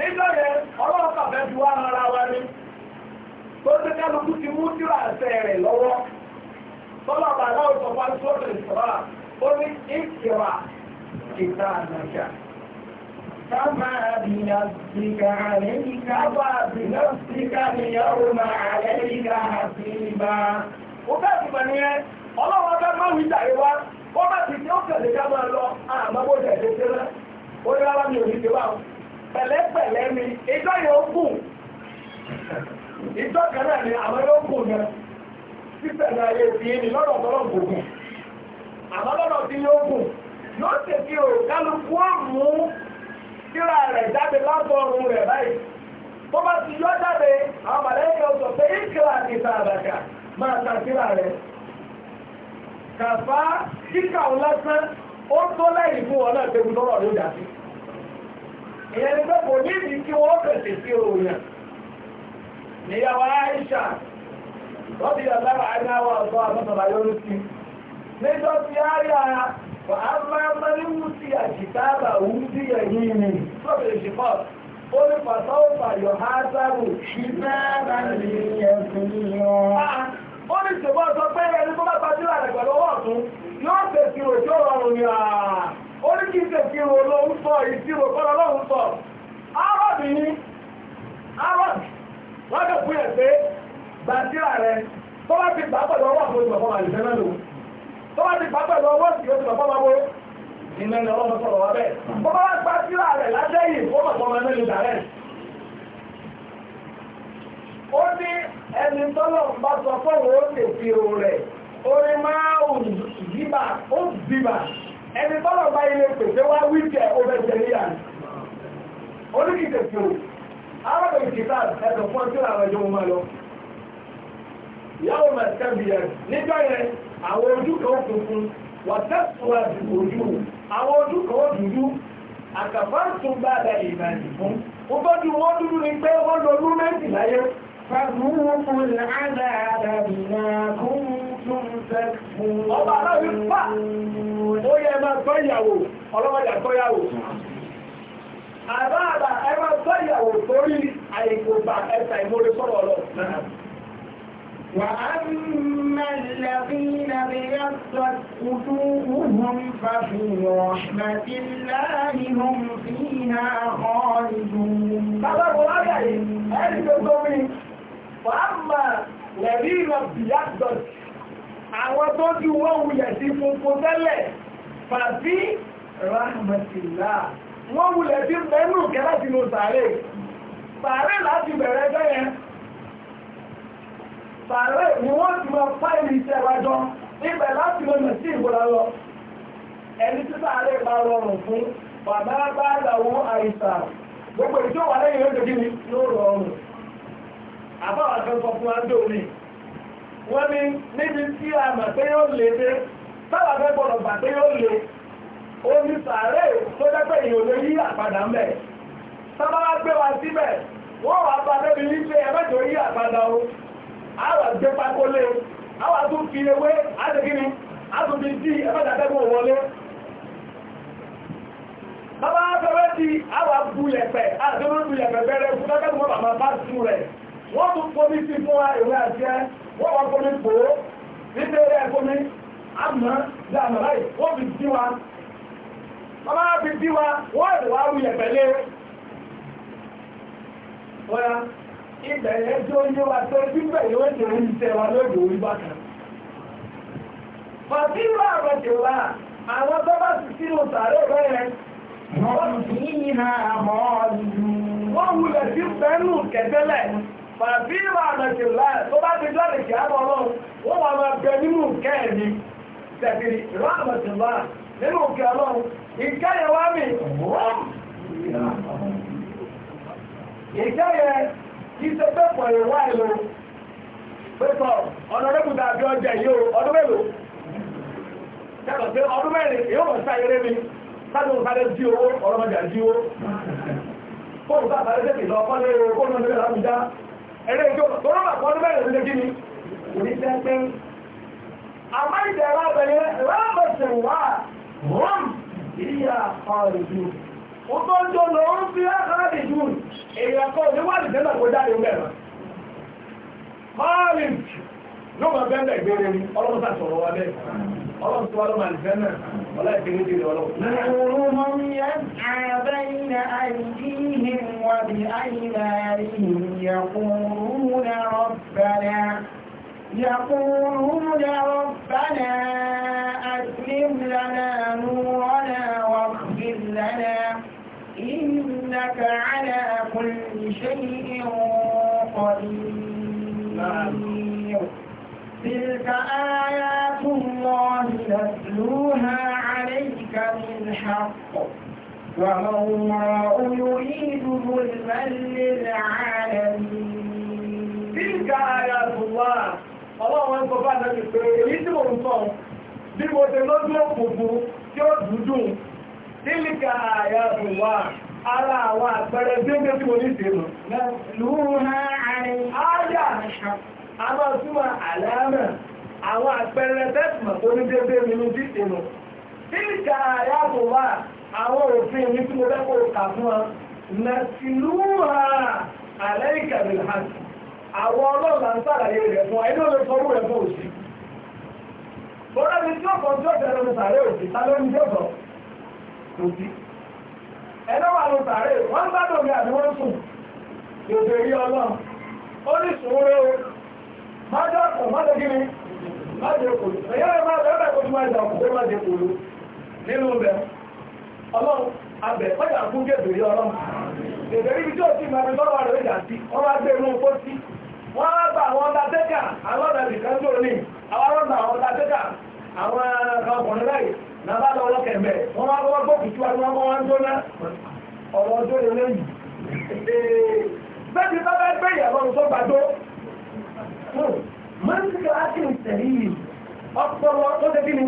[SPEAKER 1] nígbà yẹn ọlọ́run kàfẹ́ ju wá ara wa ní tó ti kálukú ti mú rẹ̀ lọ́wọ́ bá tó lè ó ní ìkìrà ìta níyàwó ma alẹ́yìnká àti ìbá. Ó bẹ́ẹ̀ ti bẹ̀ ní ọlọ́run ọba máa wí jàre wá, ó bá ti tí ó kẹ̀lé ká máa lọ àmọ́ bó ṣe ṣe pẹ̀lẹ́pẹ̀lẹ́ ni ìjọ yóò gùn ìjọ kan náà ni àwọn yóò gùn náà sísẹ̀lẹ̀ ayé ti ní lọ́rọ̀ tọ́lọ̀ gùn àmọ́ lọ́rọ̀ tí yóò gùn yóò ṣe kí o kálukú ó mú síra rẹ̀ jáde látọrun rẹ̀ báyìí tó bá ti yọ jáde àwọn màlẹ́kẹ́ ọ̀sọ̀ pé ìkìlá ti ta máa ta síra rẹ̀ kàfá kíkà ọ̀ ó tó lẹ́yìn fún ọ ìyẹn ni pé kò ní ìdí kí wọ́n fèsì sí òòyàn níyàwó Aisha lọ́bí ọ̀lára àgbáwọ̀ ọ̀gbọ́ àmọ́sọ̀rọ̀ ayọ́rú sí nígbọ́ ti àyà fàámàmàlíwú sí àjìtàbà òun sí ẹ̀yìn ni lọ́bí ìṣìkọ́ ó ní pàtọ́ọ̀fà yọ̀hásáró ìgbàgbà ní ẹ̀sùn yọ̀ ó ní ṣèwọ́ tó bá gbajúmọ̀ rẹ̀ oríkìtẹ̀ kí o lọ ń sọ ìṣirò kọ́lọ lọ́hùn sọ arọ́bì ní arọ́bì lọ́dọ̀ fún ẹ̀ pé gbàtíra rẹ tó bá ti gbà pẹ̀lú ọwọ́ àpò ìgbàpọ̀ máa lè fẹ́ mẹ́lò tó bá ti gbà pẹ̀lú ọwọ́ sí oṣù ọ̀pọ̀ máa wo ìmọ̀ ni ọlọ́run sọ̀rọ̀ wá bẹ́ẹ̀ tó bá gbà tíra rẹ̀ látẹ́yìn ó mọ̀ sọmọ mẹ́lò dàrẹ́ ó ní ẹni tọ́lọ̀ bá sọ fóun ó lè fi rò rẹ̀ orin máa ń bíbà ó bíbà ẹni tọ́lọ̀ bá ilé pèsè wá wíjẹ́ obẹ̀jẹ̀ níyà oníkìtẹ̀ tí ó arábẹ̀ ìkìtà ẹ̀sọ̀ fún ọtí làwọn ẹjọ́ máa lọ yàwó máa tẹ́bi ẹ̀ nígbà yẹn àwọn ojú kan ó funfun wọ́n tẹ́sùwà sí ojú àwọn ojú kan ó dúdú àkàfà tún bá ẹ̀ ìgbà ìfún ó bá ju wọ́n dúdú ni pé wọ́n lọ lú méjì láyé فذوقوا العذاب بما كنتم تكفرون ọba aláwí pà ó yẹ máa tọ́ ìyàwó ọlọ́wọ́dà tọ́ ìyàwó àbáàbà ẹ máa tọ́ ìyàwó torí àìkòbà ẹ̀ta ìmúre sọ́rọ̀ ọlọ́
[SPEAKER 2] وأما الذين ابيضت وجوههم ففي رحمة الله هم فيها خالدون
[SPEAKER 1] fàámà lẹ́rí ìrọ̀bì yàtọ̀t àwọn tó ti wọ́n wulẹ̀ sí funfun tẹ́lẹ̀ fàbí rahmatìlá wọ́n wulẹ̀ sí pẹ̀lú kẹ́lá sínú sàárè sàárè láti bẹ̀rẹ̀ bẹ́yẹn sàárè ni wọ́n ti mọ fáìlì iṣẹ́ wájọ́ níbẹ̀ láti mọ̀nà sí ìgbòlá lọ ẹni tí sàárè bá rọrùn fún bàbá bá làwọn àìsàn gbogbo ìjọ wà lẹ́yìn lóde kí ni yóò rọrùn àbáwà kan sọ fún àjò ní wọ́n níbi tí a mọ̀ pé yóò lè dé táwà fẹ́ gbọ́dọ̀ gbà pé yóò lè ó ní sàárẹ̀ tó jẹ́ lè yí àpadà wá gbé wa síbẹ̀ wọ́n débi yí àpadà o àwọn gbé pákó lé àwọn tún fi ewé àdégínì àtúndì dí ẹgbẹ́jà tẹ́gbọ̀n wọlé bàbá fẹ́rẹ́ di àwọn abúlẹ̀pẹ̀ àti olóògbé yẹ̀pẹ̀ bẹ̀rẹ̀ fún tẹ́gbẹ̀rún bàbá bá sùn rẹ̀ wọ́n tún fomi sí fún wa ìwé àti ẹ́ wọ́n wá fomi pò ó nígbà eré ẹ̀fọ́mi àmọ́ ní àmọ́ láì wọ́n fi dí wa ọmọ wa fi dí wa wọ́n ẹ̀ wá rú yẹ̀pẹ̀lé ọ̀yà ibẹ̀ yẹn tó yé wa tó bíbẹ̀ yẹn wọ́n tẹ̀lé iṣẹ́ wa lóde orí bákan fàtí wà àbẹ̀tẹ̀ wa àwọn tó bá sì sínú sàárè bẹ́ẹ̀ wọ́n wulẹ̀ sí pẹ́ẹ́nù kẹtẹ́lẹ̀ bàbí ìwà àmàjì láì tó bá ti lọ́dẹ̀ kí á bọ̀ lọ́wọ́ wọ́n wà máa bẹ nínú nǹkẹ́ ẹ̀ ní tẹ̀kìrì ìwà àmàjì láì nínú nǹkẹ́ ọlọ́run nǹkẹ́ yẹn wá mi rọ́m nǹkẹ́ yẹn kì í ṣe pé pọ̀ ìwà ìlú pẹ́tọ̀ ọ̀nà rẹ́kùtà àbí ọdún mẹ́rin yóò wọ̀ sí ayẹrẹ mi sáàdù sáré jí owó ọ̀rọ̀mọjà jí owó fóònù sáà sáré tètè lọ kọ́lé owó kóònù ọdún mẹ́rin ẹ̀rẹ́ ìjọ tó rọ́bà kan ní bẹ̀rẹ̀ sílé kíni òní tẹ́tẹ́ àmọ́ ìdẹ̀ alábẹ̀rẹ̀ rábẹ̀sẹ̀ wà rọ́m ìyá ọ̀rẹ́jú ó tó ń jọ lọ ń fi ákàrẹ́ jù èèyàn kan ní wàlì tẹ́lẹ̀ kó jáde ń bẹ̀rẹ̀ máàlì ló mọ̀ bẹ́ẹ̀ bẹ́ẹ̀ gbére ni ọlọ́mọ الله انتوا ولا مالكنا ولا يجيني ولا
[SPEAKER 2] نحورهم يسعى بين ايديهم وبايمانهم يقولون ربنا يقولون ربنا اسلم لنا نورنا واغفر لنا انك على كل شيء قدير تلك ايه نتلوها عليك بالحق وما الله يريد ظلما
[SPEAKER 1] للعالمين تلك آيات الله ọlọ́run ń sọ bá àdájú pé èyí tí mo ń sọ bí mo ṣe lọ́dún òkùnkùn tí ó dúdú nílìkà àyà ìwà ara àwọn àpẹẹrẹ tí ó gbé tí mo ní ìdènà. lùhà àyà àwọn túmọ̀ àlámẹ̀ àwọn àpẹẹrẹ tẹ́sìmọ̀ tó ní dédé nínú dídè nù tílìkà àyàbò wà àwọn òfin mi tí mo fẹ́ kó kà fún ọ nà ha àlẹ́ ìkàbìlì hàn àwọn ọlọ́run là ń fún fún òsì tí tí ó tẹ̀lé mi òsì òsì ẹ̀dọ́ wà ló wọ́n àbí wọ́n sùn lòdì ọlọ́run ó ní ni má jẹ kòlù ẹ̀yà rẹ̀ máa bẹ̀rẹ̀ kó tí máa jà òkú má jẹ kòlù nínú rẹ̀ ọlọ́run abẹ̀ pẹ́yà fún gẹ̀dùrí ọlọ́run gẹ̀dùrí ibi tí ó sì máa fi lọ́wọ́ rẹ̀ jà sí wọ́n wá gbé inú pọ́ sí wọ́n á bá àwọn ọ̀dà tẹ́kà àwọn ọ̀dà nìkan tó ní àwọn ọ̀dà àwọn ọ̀dà tẹ́kà àwọn ọkùnrin láì nàbá lọ lọ́kẹ̀ mẹ́ wọ́n wá lọ́wọ́ gbọ́kù tí wọ́n wọ́n wọ́n jóná ọ̀rọ̀ ọjọ́ lè lẹ́yìn bẹ́ẹ̀ ti bá bá gbé ìyàwó ọ̀rọ̀ tó mọ́síkà ákì ìtẹ̀lẹ̀ yìí ọpọlọ tó dé kíni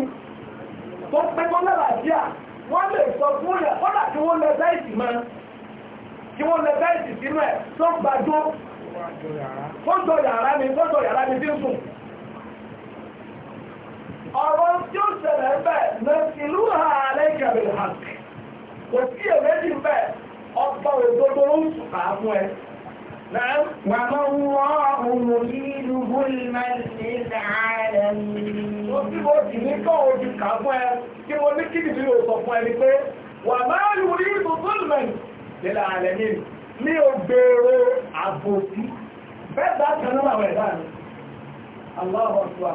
[SPEAKER 1] tó pẹ́ tó lálàáfíà wọ́n lè sọ fún yà kọ́dà kí wọ́n lẹ bẹ́ẹ̀sì mọ́ kí wọ́n lẹ bẹ́ẹ̀sì sínú ẹ̀ tó gbàdó kọ́jọ yàrá mi kọ́jọ yàrá mi dín sùn ọ̀rọ̀ tí ó ṣẹlẹ̀ bẹ́ẹ̀ lọ sí ìlú ààrẹ kẹrìnhàn kò sí èméjì bẹ́ẹ̀ ọgbà òdodo ń sùn kàá fún والله يريد ظلما للعالمين Tí mo ti ní kọ́ òbí kà fún ẹ, tí mo ní kí nìbí òsọ fún ẹni pé, wà máa lù rí ìlú Zulman nílà àlẹ́mí ní ògbèrò àbòsí. Bẹ́ẹ̀ bá wẹ̀ dáa aláwọ̀ tó wà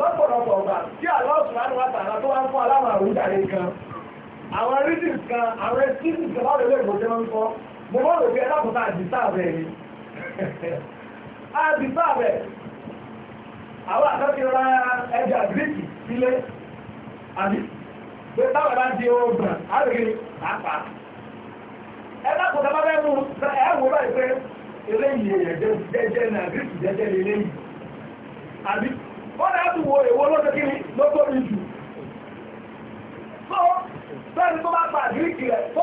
[SPEAKER 1] lọ́pọ̀lọpọ̀ ọgbà tí aláwọ̀ tó wá ń fún aláwọ̀ àrùn mo mọ́ lò pé ẹlọ́pùtà àdìsá ni àdìsá àwọn ẹja gíríkì sílé àbí pé táwọn bá di oògùn àrègé àpá ẹlọ́pùtà bá bẹ́ẹ̀ mú ẹ̀wò báyìí pé eléyìí na jẹ́jẹ́ gíríkì jẹ́jẹ́ eléyìí àbí wọ́n náà tún wo èwo kí ni sẹ́ni tó bá pa gíríkì rẹ̀ tó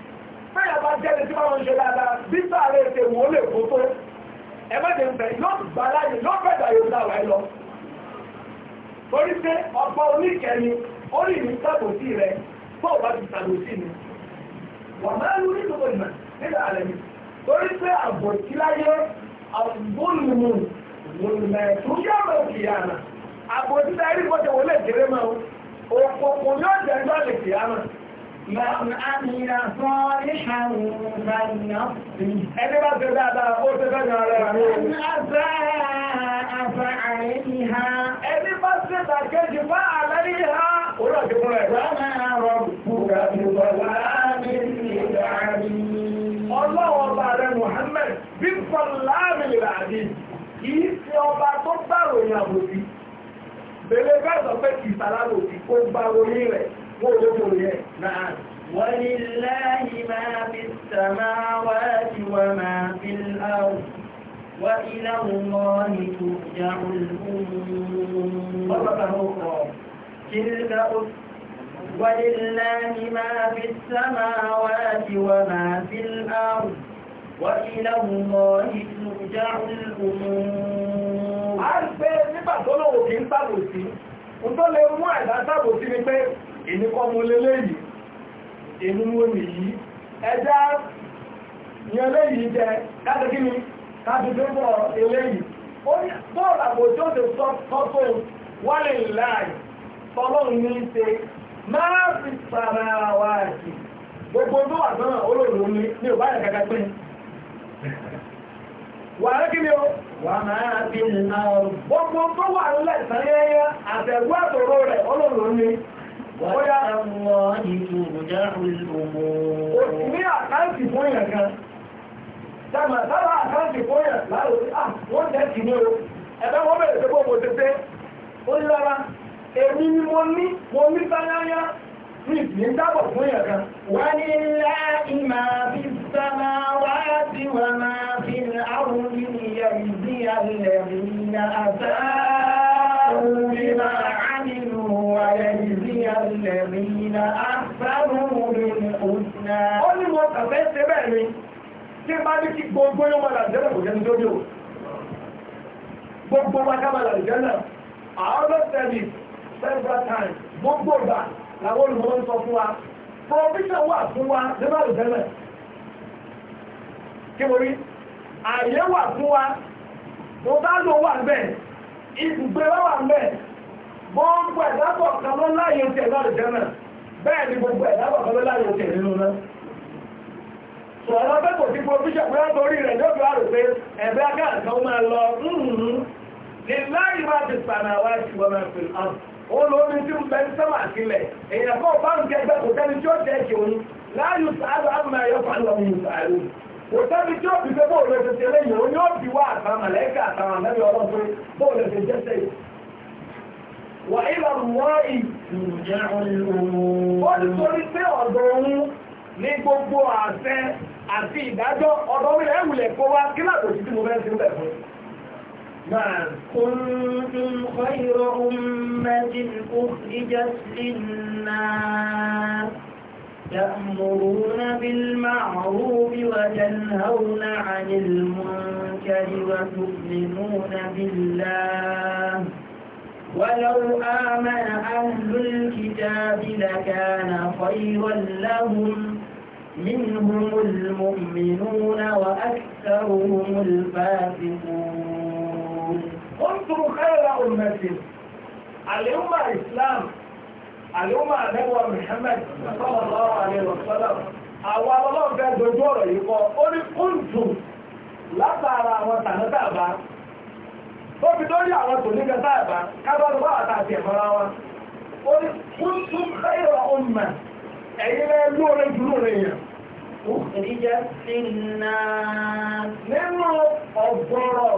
[SPEAKER 1] fẹ́yà bá jẹ́lẹ̀ tí wọ́n ń ṣe dáadáa bí sáré ètè wò lè kó tó ẹgbẹ́dẹ̀ ń bẹ̀ yóò gbà láyé yóò fẹ́dà yóò dá wà lọ torí pé ọgbọ́n oníkẹni ó rí ní sàbòsí rẹ tó wà ti sàbòsí mi wà máa ń rí gbogbo ìmọ̀ nígbà rẹ̀ mi torí pé àbòsí láyé àbólùmù lùmẹ̀tún yóò lọ kì í àná àbòsí láyé rí bọ́jọ̀ wọlé kéré máa ń òkòkò yóò jẹ́ ń من عمل صالحا فلنفسه من أساء فعليها وما ربك بظلام للعبيد الله وبعد محمد بظلام للعبيد kìí ṣe ọba tó gbàròyìn àbòsí bèlè bẹ́ẹ̀ sọ pé kìí sàlábòsí kó gbàròyìn rẹ̀ ولله ما
[SPEAKER 2] في السماوات وما في الأرض وإلى الله ترجع الأمور تلك ولله ما في السماوات وما في الأرض
[SPEAKER 1] وإلى الله ترجع الأمور. a ń pẹ́ nígbà tó lọ́wọ́ kí ń sábòsí ń tó lè mú àìsàn sábòsí ni pé èmi kọ́ mo lé léyìí èmi mo nìyí ẹjá yan léyìí jẹ káàkiri kí ni káàkiri bọ̀ eléyìí ó ní bọ́ọ̀lù àbòjó ti sọ tọ́tò wálé láì tọ́lọ́run ní ṣe máa fi sí gbogbo tó wà sọ́nà olóòlù ní ní ò pín wà kí ni ó wà máa gbogbo tó wà àtẹ̀gbọ́ àtòrò rẹ̀ Bóyá àwọn ìlú ìjẹ́ ìlúmọ̀. Ní àkáǹtì fún èèyàn kan, dámà sára àkáǹtì fún èèyàn láàrùn sí à wọ́n jẹ́ ti ní o. Ẹ̀bẹ́ wọ́n bẹ̀rẹ̀ pé bóòmù ti pé ó lára èmi ni mo ní mo ní sáyáyá ní ìpín dábọ̀ fún èèyàn kan. Wà ní
[SPEAKER 2] ilá ìmọ̀
[SPEAKER 1] الذين أحسنوا بالحسنى ó ní mo kàfẹ́ ṣe bẹ́ẹ̀ ni tí bá ní kí gbogbo yóò wọ́n làjẹ́ náà kò jẹ́ nítorí o gbogbo wa ká máa làjẹ́ several times gbogbo ìgbà làwọn olùmọ̀ ń sọ fún wa provision wà fún wa nínú àlùjẹ́ náà kí mo rí àyè wà fún wa mo bá lò wà ń bẹ̀ wà ń gbogbo ẹ̀dábọ̀ kan ló láyé tẹ̀ lọ́rọ̀ jẹ́mẹ̀ bẹ́ẹ̀ ni gbogbo ẹ̀dábọ̀ kan ló láyé tẹ̀ nínú náà sọ ọ̀rọ̀ pé kò sí pé rẹ̀ lóbi rò pé ẹ̀bẹ́ kò tí ó tí ó yìí wà ìlà wọ́ ìjìnjà ọlọ́run ó ti torí pé ọ̀dọ̀ òun ní gbogbo àṣẹ àti ìdájọ́ ọ̀dọ̀ orílẹ̀ ìwùlẹ̀ kó wá kí láàbò sí tí mo fẹ́ sí ń bẹ̀ fún ما
[SPEAKER 2] كنتم خير أمة أخرجت للناس تأمرون بالمعروف وتنهون عن المنكر وتؤمنون بالله ولو آمن أهل الكتاب لكان خيرا لهم منهم المؤمنون وأكثرهم الفاسقون
[SPEAKER 1] انظروا خير أمة الأمة الإسلام الأمة نبوة محمد صلى الله عليه وسلم àwọn ọlọ́ọ̀fẹ́ dojú ọ̀rọ̀ yìí kọ́ ó ní kóńtù ó fi lórí àwọn tò ní kẹta ẹ̀bá kábàlùwà àtàtì ẹ̀mọ́ra wọn ó ní fún tún kẹ́yọ̀ ọmọ ẹ̀yìn rẹ̀ lóore dúró rẹ̀ yẹn nínú ọ̀gbọ̀rọ̀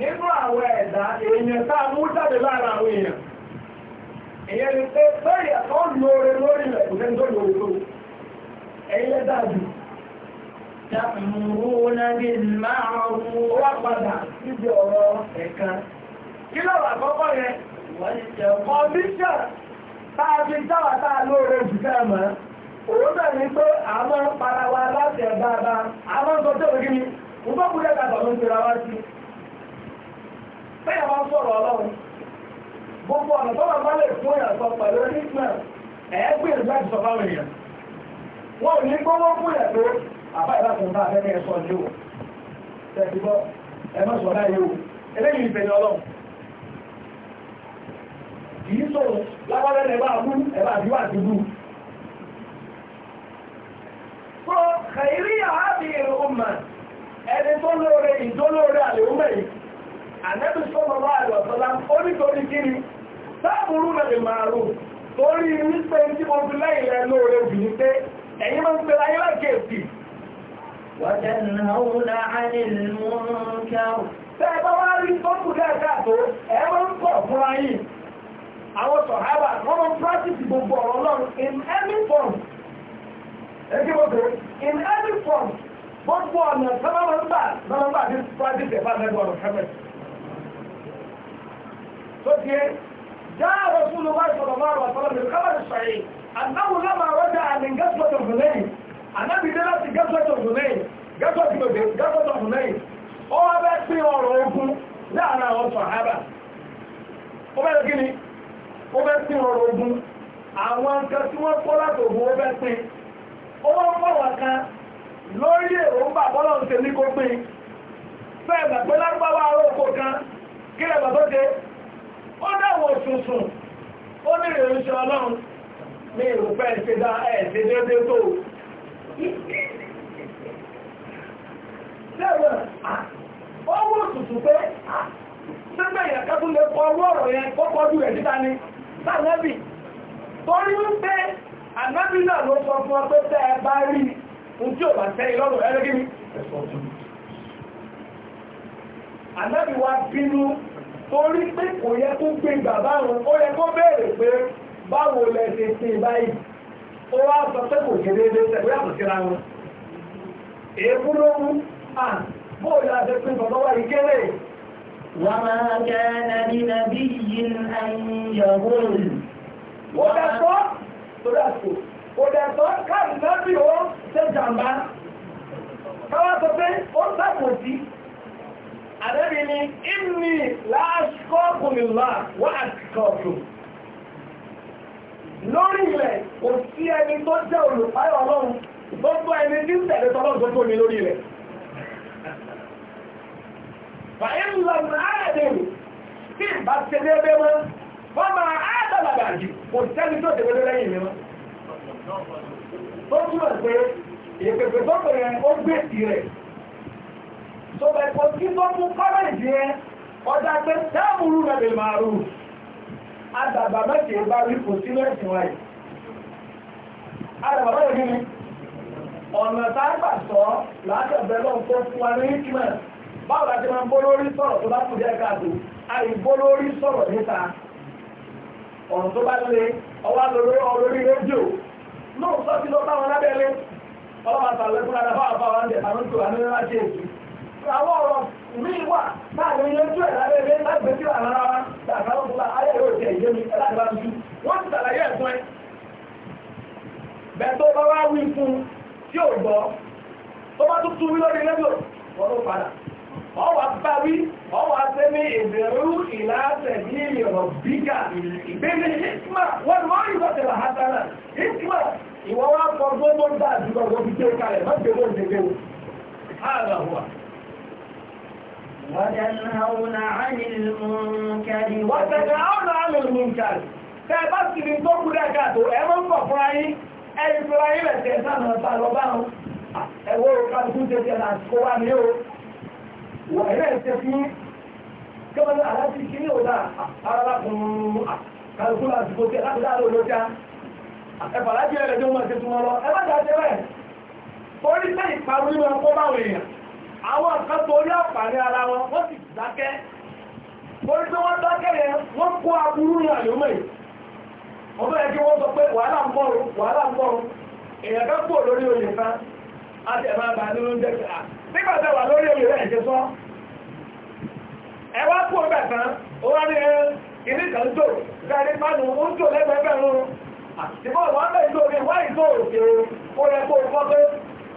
[SPEAKER 1] nínú àwọn ẹ̀dá èèyàn tá a mú jáde lára àwọn èèyàn èèyàn تأمرون بالمعروف وقضى níbi ọ̀rọ̀ ẹ̀kan kí lọ́wọ́ àkọ́kọ́ yẹn kọmíṣọ̀ táa fi dáwà taa lóore jù kẹ́mọ̀ òun náà ní pé àmọ́ para wa láti ẹ̀bá bá àmọ́ sọ tó rí ní ìgbókúrẹ́ kàtọ̀ ló ń àbá ìbáṣepọ̀ bá afẹ́fẹ́ ẹ̀sọ́ ni o tẹ̀sí bọ́ ẹ̀mọ́ sọ báyìí o eléyìí ìbẹ̀rẹ̀ ọlọ́run kì í sọ̀rọ̀ lábọ́lẹ́ ẹ̀bá abú ẹ̀bá àdúrà dúdú. sọ kàìrí àhábì ìrìn ọmọ ẹni tó lóore ìdólóore àlèwúmẹ̀ yìí ànẹ́bí sọ́mọ bá àlọ́ ọ̀tọ́lá ó nítorí kí ni sáàbùrú mẹ́lẹ̀ màárù torí wípé tí mo fi lẹ́yìn rẹ̀ lóore òbí ni pé ẹ̀yin máa ń pe láyé láì kéèkì وتنهون عن المنكر فبواري فوق ذاته ẹ̀wọ̀n pọ̀ fún ayé àwọn sọ̀hábà wọ́n mọ́ practice gbogbo ọ̀rọ̀ lọ́rùn in any form ẹgbẹ́ gbogbo in any form gbogbo ọ̀nà sọ́mọ́mọ́gbà sọ́mọ́mọ́gbà ní practice ẹ̀fà lẹ́gbọ̀ ọ̀rọ̀ kẹ́mẹ̀ tó tiẹ̀ جاء رسول الله صلى الله عليه وسلم بالخبر الصحيح أنه لما رجع من قصبة الحديث ànábì dé láti gẹ́sọ̀tọ̀ hùnẹ́yìn gẹ́sọ̀tọ̀ hùnẹ́yìn ó wá bẹ́ pín ọ̀rọ̀ ogun láàrin àwọn sàhábà ó bẹ́ lọ gíní ó bẹ́ pín ọ̀rọ̀ ogun àwọn nǹkan tí wọ́n kọ́ láti ogun ó bẹ́ pín ó wọ́n fọ̀wọ̀ kan lórí èròǹgbà bọ́lọ̀ ń ṣe ní kó pín fẹ́ẹ̀ mọ̀ pé lárúbáwá aróko kan kí lẹ́gbà tó ṣe ó dáwọ̀ òṣùṣùn ó ní ìròyìn ṣe ọlọ́run ní ìròpẹ́ ìṣẹ́dá ẹ̀ẹ́dẹ́dẹ́ tó Lẹ́wọ̀n, ah, ọwọ́ òtùtù pé, sẹ́gbẹ̀ ah, èèyàn kẹ́kún lè kọ ọwọ́ ọ̀rọ̀ yẹn kọ́kọ́ jù rẹ̀ síta ni, sáàlẹ́bì. Torí ànábì náà ló sọ fún ọ pé bá rí ohun tí ò bá tẹ́ ó wá sọ pé kò ṣe déédéé tẹ̀wé àmọ̀síra wọn èébú ló mú à bóòlù pín bọ̀ lọ́wọ́ yìí kéré. وما كان لنبي أن يغل وما kò dẹ̀ sọ káàdì lẹ́bí ó ṣe jàmbá káwà sọ pé ó sàpòtí àdẹ́bì ni ìmì lórí ilẹ̀ kò sí ẹni tó jẹ́ olùpáyọ̀ ọlọ́run gbogbo ẹni tí ń tẹ̀lé tọ́lọ́ tó tóbi lórí ilẹ̀. fàyẹ̀mù lọ́nà áàdẹ̀rù tí ìbá ti ṣe dé mọ́ wọ́n máa áàdàlàbà jù kò sẹ́ni tó tẹ̀lé lẹ́yìn mi mọ́. tó túmọ̀ pé ìpèpè tó pèrè ó gbé sí rẹ̀. tó bẹ̀ kò sí tó mú kọ́lẹ́jì yẹn ọjà pé tẹ́ẹ̀mù rú rẹ̀ bẹ̀rẹ̀ máa rú. àdàbà mẹ́tì bá rí sí wáyé àdàbà báyìí kí ọ̀nà tá sọ látọ̀bẹ̀ lọ́n tó fún wa ní máa bólórí sọ̀rọ̀ tó bá kù díẹ̀ sọ̀rọ̀ níta ọ̀nà tó bá lé ọwá lórí ọlórí rédíò sọ sí lábẹ́lé mí wà láàrin ilé tí ẹ̀rọ abẹ́ ilé láti gbé sí àná rárá láti àwọn ọkùnrin ayé ìwé òkè ìyé mi láti bá tuntun wọ́n ti sàlàyé ẹ̀sùn ẹ̀ bẹ́ẹ̀ tó bá wá wí fún tí ò gbọ́ tó bá tún tún wí lórí rédíò wọ́n ló padà ọ wà bá wí ọ wà sẹ́ ní ìbẹ̀rù ìlàsẹ̀ ní ìrọ̀ bíkà ìbéèrè ìsìmá wọ́n mọ́ ìbọ̀tẹ̀ wà hásánà ìsìmá ìwọ́n wá fọ́ gbogbo dáa jùlọ gbogbo gbé kalẹ̀ وتنهون عن المنكر وتنهون عن المنكر tẹ́ẹ̀bá sì ní tó kú dákàtò ẹmọ́ ń pọ̀ fún ayé ẹni fún ayé rẹ̀ tẹ́ sáàmù ọ̀pá lọ́báhùn ẹ̀wọ́ òkàlùkù tẹ́tẹ́ náà kó wá ní o wà ilẹ̀ ẹ̀tẹ́ fún kẹ́mọ́lá aláti kí ní òdá arákùnrin kàlùkù láti kó tẹ́ láti dáàrò lójá ẹ̀fà láti ẹ̀rẹ̀ tó mọ̀ àwọn nǹkan torí àǹfààní ara wọn wọ́n sì dákẹ́ torí tí wọ́n dákẹ́ yẹn wọ́n kó aburú ní àlómọ̀ yìí ọmọ yẹn wọ́n sọ pé wàhálà ń bọ̀rù wàhálà ń bọ̀rù èèyàn ká pò lórí oyè kan á ti ẹ̀má bá ní kan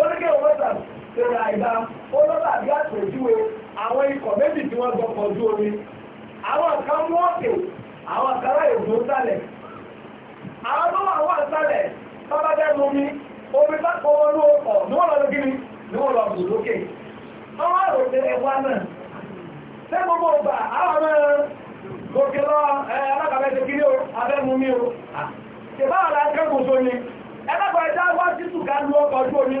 [SPEAKER 1] oníkẹ́ òwòsàn ṣẹlẹ̀ àìdá olóòlà bí àpèjúwe àwọn ikọ̀ méjì tí wọ́n gbọ́ pọ̀jú omi àwọn kan mú òkè àwọn kan láyè sálẹ̀ àwọn tó wà wà sálẹ̀ bábá dẹ́nu omi omi bá kọ́ wọnú ọkọ̀ ní wọ́n lọ lọ ní wọ́n lọ bù lókè rò ẹwà náà ṣé gbogbo ọgbà àwọn lọ kiri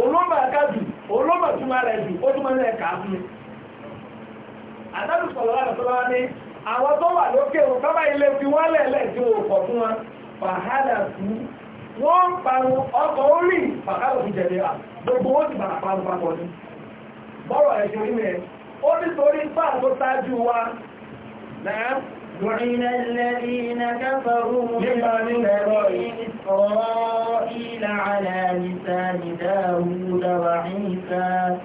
[SPEAKER 1] olóòmà kájù olóòmà túmọ̀ rẹ̀ jù ó túmọ̀ rẹ̀ kà á fún mi. àdájú sọ̀rọ̀ láti sọ́lá ní àwọn tó wà lókè wọn ilé fi wọ́n lẹ̀lẹ̀ tí wọ́n pọ̀ fún wọn fàhálà fún wọ́n ń parun ọkọ̀ orí fàhálà jẹ̀dẹ̀ à gbogbo wọn ti bàrà parun papọ̀ ni bọ́rọ̀ ẹ̀ ṣe mi ẹ̀ ó nítorí fáà tó wa náà
[SPEAKER 2] لعن الذين كفروا من إسرائيل على لسان داود وعيسى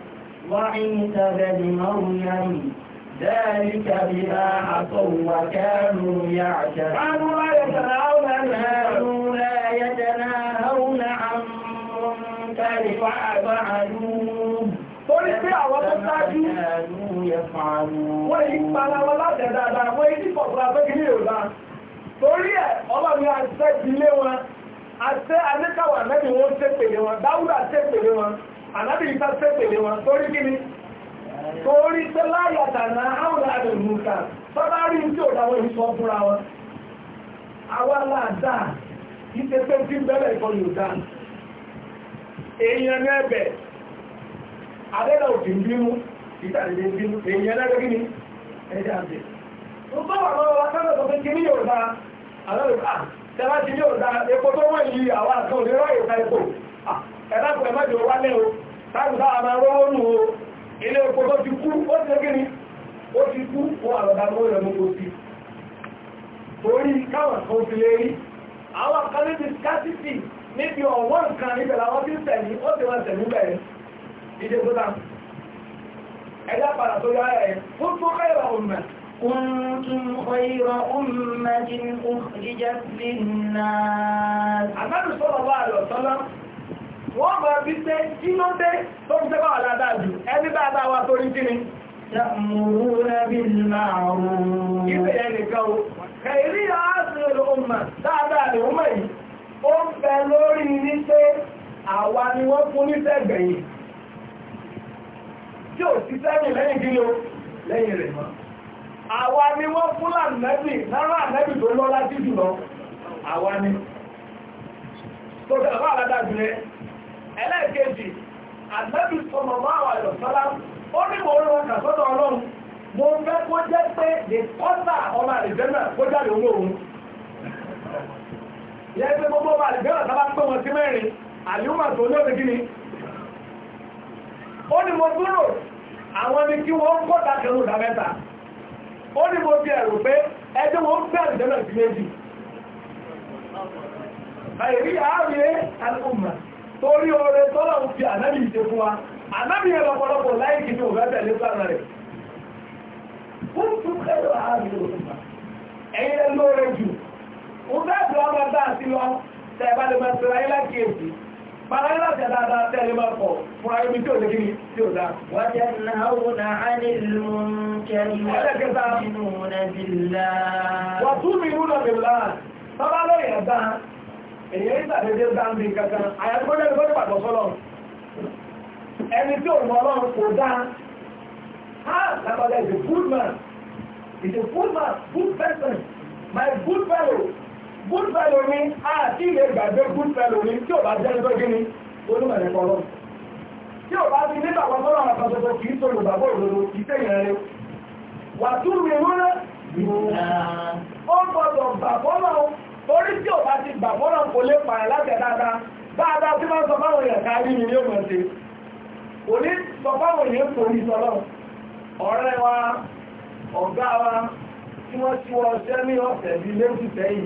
[SPEAKER 2] وعيسى بن مريم ذلك بما عصوا وكانوا يعجبون كانوا لا يتناهون كانوا لا يتناهون عن منكر فعلوه torí pé àwọn tó
[SPEAKER 1] dájú wọ́n yí para wọn dáadáa wọ́n yí pọ̀pọ̀ abẹ́gilé òlá torí ẹ̀ ọlọ́run àṣẹ ìdílé wọn wọn ṣe pèlè wọn dáúdà tẹ́ pèlè wọn ànábì ìta ṣe wọn torí kí ni torí pé láyàtà tí ò fúnra àrẹ́lẹ̀ òjì ń bínú ìtàlẹ̀ ń bínú èyí ẹlẹ́gbẹ́ gíní ẹjẹ́ àjẹ́ tó bá wà lọ́wọ́ látọ́lọ̀ tó fi kíní yóò dáa àlọ́lùkà ah, tẹ́lá ti yóò dáa epo tó wọ́n yí àwọn àtọ́ onírọ́ ìta epo ah, ẹ̀dàkùn ẹ̀mẹ́jọ wálẹ̀ o táàbùsá àmà rówó nù o ilé epo tó ti kú ó ti gíní ó ti kú fún àlọ́dà lórí ẹ̀mú tó ti torí káwọn kan fi lè rí àwọn kan níbi scarcity níbi ọ̀wọ́n ń tẹ̀lé ó ti wọn tẹ̀lé bẹ̀rẹ̀ ìdè tó dáa ẹ̀dá padà tó yá ẹ̀ fún tó kẹ́rọ ọmọ كنتم خير
[SPEAKER 2] أمة أخرجت للناس النبي صلى الله عليه
[SPEAKER 1] وسلم wọ́n bá bí pé kí ló dé tó ń tẹ́bà wà dáadáa jù ẹni dáadáa wá torí kí ni ta'muruna bil ma'ruf ìwé ẹnìkan o kẹ̀rí àásìrò ọmọ dáadáa lè ọmọ yìí ó ń bẹ lórí ní pé àwa ni wọ́n fún ní sẹ́gbẹ̀yìn tí ò sí sẹ́yìn lẹ́yìn kí ni ó lẹ́yìn rẹ̀ mọ́ àwa ni wọ́n fún lànàbì lára ànàbì tó lọ láti jùlọ àwa ni tó dàbà àládà jùlẹ ẹlẹ́ẹ̀kejì ànàbì sọmọ máa wà lọ sọ́lá ó ní mo rọrùn kàsọ́dọ̀ ọlọ́run mo fẹ́ kó jẹ́ pé lè kọ́sà ọmọ àlìjẹ́nà kó jáde owó òun yẹ́ pé gbogbo ọmọ àlìjẹ́nà sábà ń pè wọn sí mẹ́rin àlìúmà tó ní ó ní mo dúró àwọn ni kí wọ́n kọ́ta kẹrù dámẹ́ta ó ní mo bí ẹ̀rù pé ẹjọ́ wọ́n gbẹ̀rù dẹ́nà sí méjì àìrí ààrẹ alùmà torí oore tọ́lọ̀ ń fi ànábì ìṣe fún wa ànábì ẹ̀rọ ọ̀pọ̀lọpọ̀ láì kìí ò fẹ́ tẹ̀lé sára rẹ̀ fún tún kẹrù ààrẹ òṣùpá ẹ̀yẹ lóore jù ń fẹ́ فأنا لا لا لا لمرفوع فأنا من كل ذي سودا وتنهون
[SPEAKER 2] عن المنكر وتؤمنون بالله
[SPEAKER 1] وتؤمنون بالله طبعا لا يهدى èyí ń tàbí jẹ́ dáńbì kankan àyàgbọ́dẹ̀ lórí pàtó sọ́lọ́ ẹni tí ò mọ́ ọlọ́run kò dá ha lábọ́dẹ̀ is a good man is a good man good person my good fellow good fellow ni àti ilé gbàgbé good fellow ni tí ò bá jẹ́ ẹgbẹ́ gíní onímọ̀lẹ́ kọ́ lọ́nà tí ò bá fi nígbà wọn tọ́lọ́ àwọn tuntun kì í tó olùgbàgbọ́ òdodo kì í tẹ̀yìn rẹ wà tún mi wọ́n ó gbọ́dọ̀ gbà fọ́lọ́ orí tí ò bá ti gbà fọ́lọ́ kò lè pààyàn láti dáadáa dáadáa tí wọ́n sọ fáwọn èèyàn kárí mi yóò mọ̀ sí kò ní sọ ọ̀rẹ́ wa ọ̀gá wa tí wọ́n ti wọ ọṣẹ́ ní ọ̀sẹ̀ bíi méjì sẹ́yìn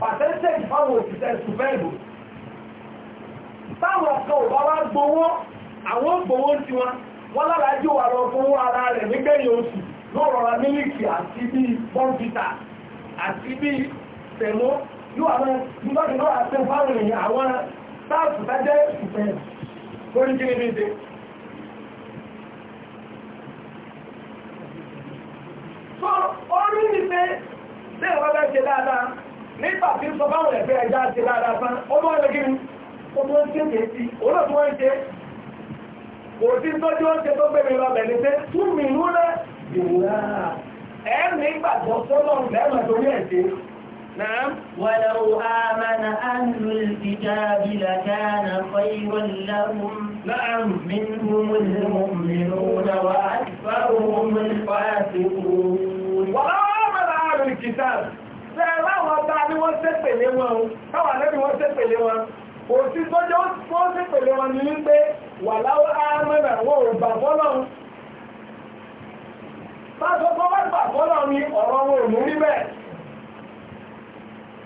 [SPEAKER 1] pàtẹ́sẹ̀jì fáwọn òṣìṣẹ́ ṣùfẹ́ẹ̀bù táwọn ọ̀kan ò bá wá gbowó àwọn tí wọn wọ́n ara rẹ̀ nígbẹ̀yìn oṣù ló rọra mílìkì àti bí bọ́ǹpítà àti bí tẹ̀mọ́ yóò àwọn nígbàtí So, orí ni pé, tí ìwọ́n bẹ́ ṣe nígbà tí sọ báwọn ẹ̀fẹ́ ẹja ṣe dáadáa fán ọmọ ẹlẹ́gìrì ó tó ń tètè sí olóòtú wọ́n ń ṣe kò sí tọ́jú oúnjẹ tó gbé mi lọ bẹ̀ pé tú mi lú lẹ́ ìwúrà ẹ̀ nígbàgbọ́ sọ́lọ́ ṣe نعم ní wọ́n sẹ́pẹ̀lé wọn o táwọn ànábì wọ́n sẹ́pẹ̀lé wọn kò sí sọ́jọ́ wọ́n sẹ́pẹ̀lé wọn ní wípé wà láwọ́ ámẹ́nà wọn ò gbà fọ́lọ́run sáàtọ́ tó bá gbà fọ́lọ́run ni ọ̀rọ̀ wọn ò mú rí bẹ́ẹ̀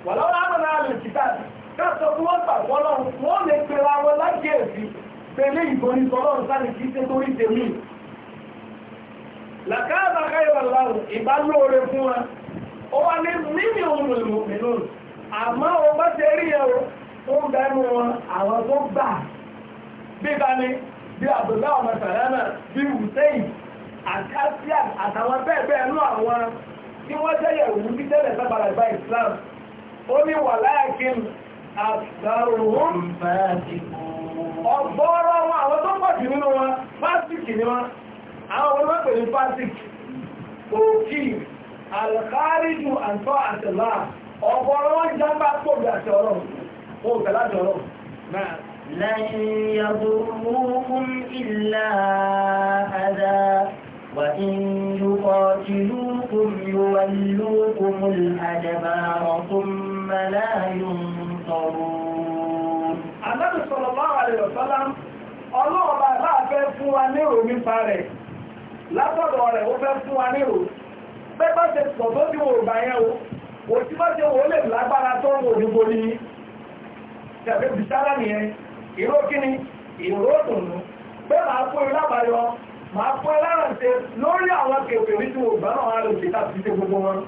[SPEAKER 1] wà láwọ́ ámẹ́nà àlè kìtà káàtọ́ tó wọ́n gbà fọ́lọ́run wọ́n lè pera wọn lájẹ̀ẹ́sì pẹ̀lẹ́ ìgbóni sọ́lọ́run sáré kìí ṣe torí tèmi làkàtà káyọ̀ làwọn ìbálòore fún ó wá ní mímí ohun ìlúmínú àmọ́ o ṣe rí ẹ̀rọ ó ń wọn àwọn tó gbà bí bani bí Abdullahi ọmọ bí Hussein àkásíà àtàwọn bẹ́ẹ̀ bẹ́ẹ̀ nú àwọn tí wọ́n òun Islam ó ní wà ọgbọ́rọ̀ wọn àwọn tó pọ̀ alkárìjù àǹtọ́ àtìlá ọ̀pọ̀rọ̀ wọn jábá pòbí àti ọ̀rọ̀ wọn ò tẹ̀láti وَإِنْ
[SPEAKER 2] lẹ́yìn yàgbòrúkún ìlà àdá لَا يُنْصَرُونَ tìlúkùn yíwàlúkùn àdàbàrọ̀
[SPEAKER 1] fún mẹ́láyùn tọrọ ọlọ́ọ̀bá bá fẹ́ fún wa nírò nípa rẹ̀ látọ̀dọ̀ rẹ̀ ó fẹ́ fún wa nírò pé bá ṣe sọ tó ti wò rùbà yẹn o kò tí bá ṣe wò lè lágbára tó ń wò ní bo ní tẹ̀lé bìsára nìyẹn ìró kíni ìró dùnú pé màá fún ilé àbáyọ màá fún ilé àrànṣe lórí àwọn kèfè ní ti wò gbà náà wà lò sí tàbí ti gbogbo wọn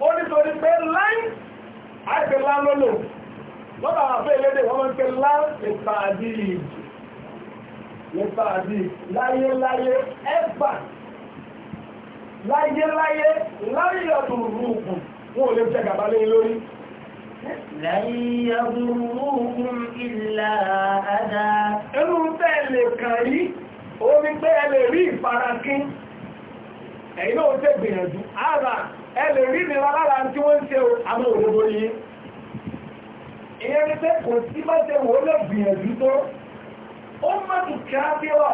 [SPEAKER 1] ó nítorí pé láì àìpé lá ló lò lọ́dọ̀ àwọn wọ́n máa ń pè ẹgbàá láyéláyé láyéyàtùn rúùkù wọn ò lè jẹ gàba lé lórí.
[SPEAKER 2] láyéyàtùrúùkùn ìlà
[SPEAKER 1] àdá. ẹnu bẹ́ẹ̀ lè kàn yí omi pé ẹ lè rí ìfarakín ẹ̀yìn náà ó tẹ́ gbìyànjú ara ẹ lè rí ìnira lára tí wọ́n ń ṣe àmọ́ òdodo yìí ìyẹn ni pé kò sí bá ṣe wò gbìyànjú tó ó mọ̀tò kíá bí wà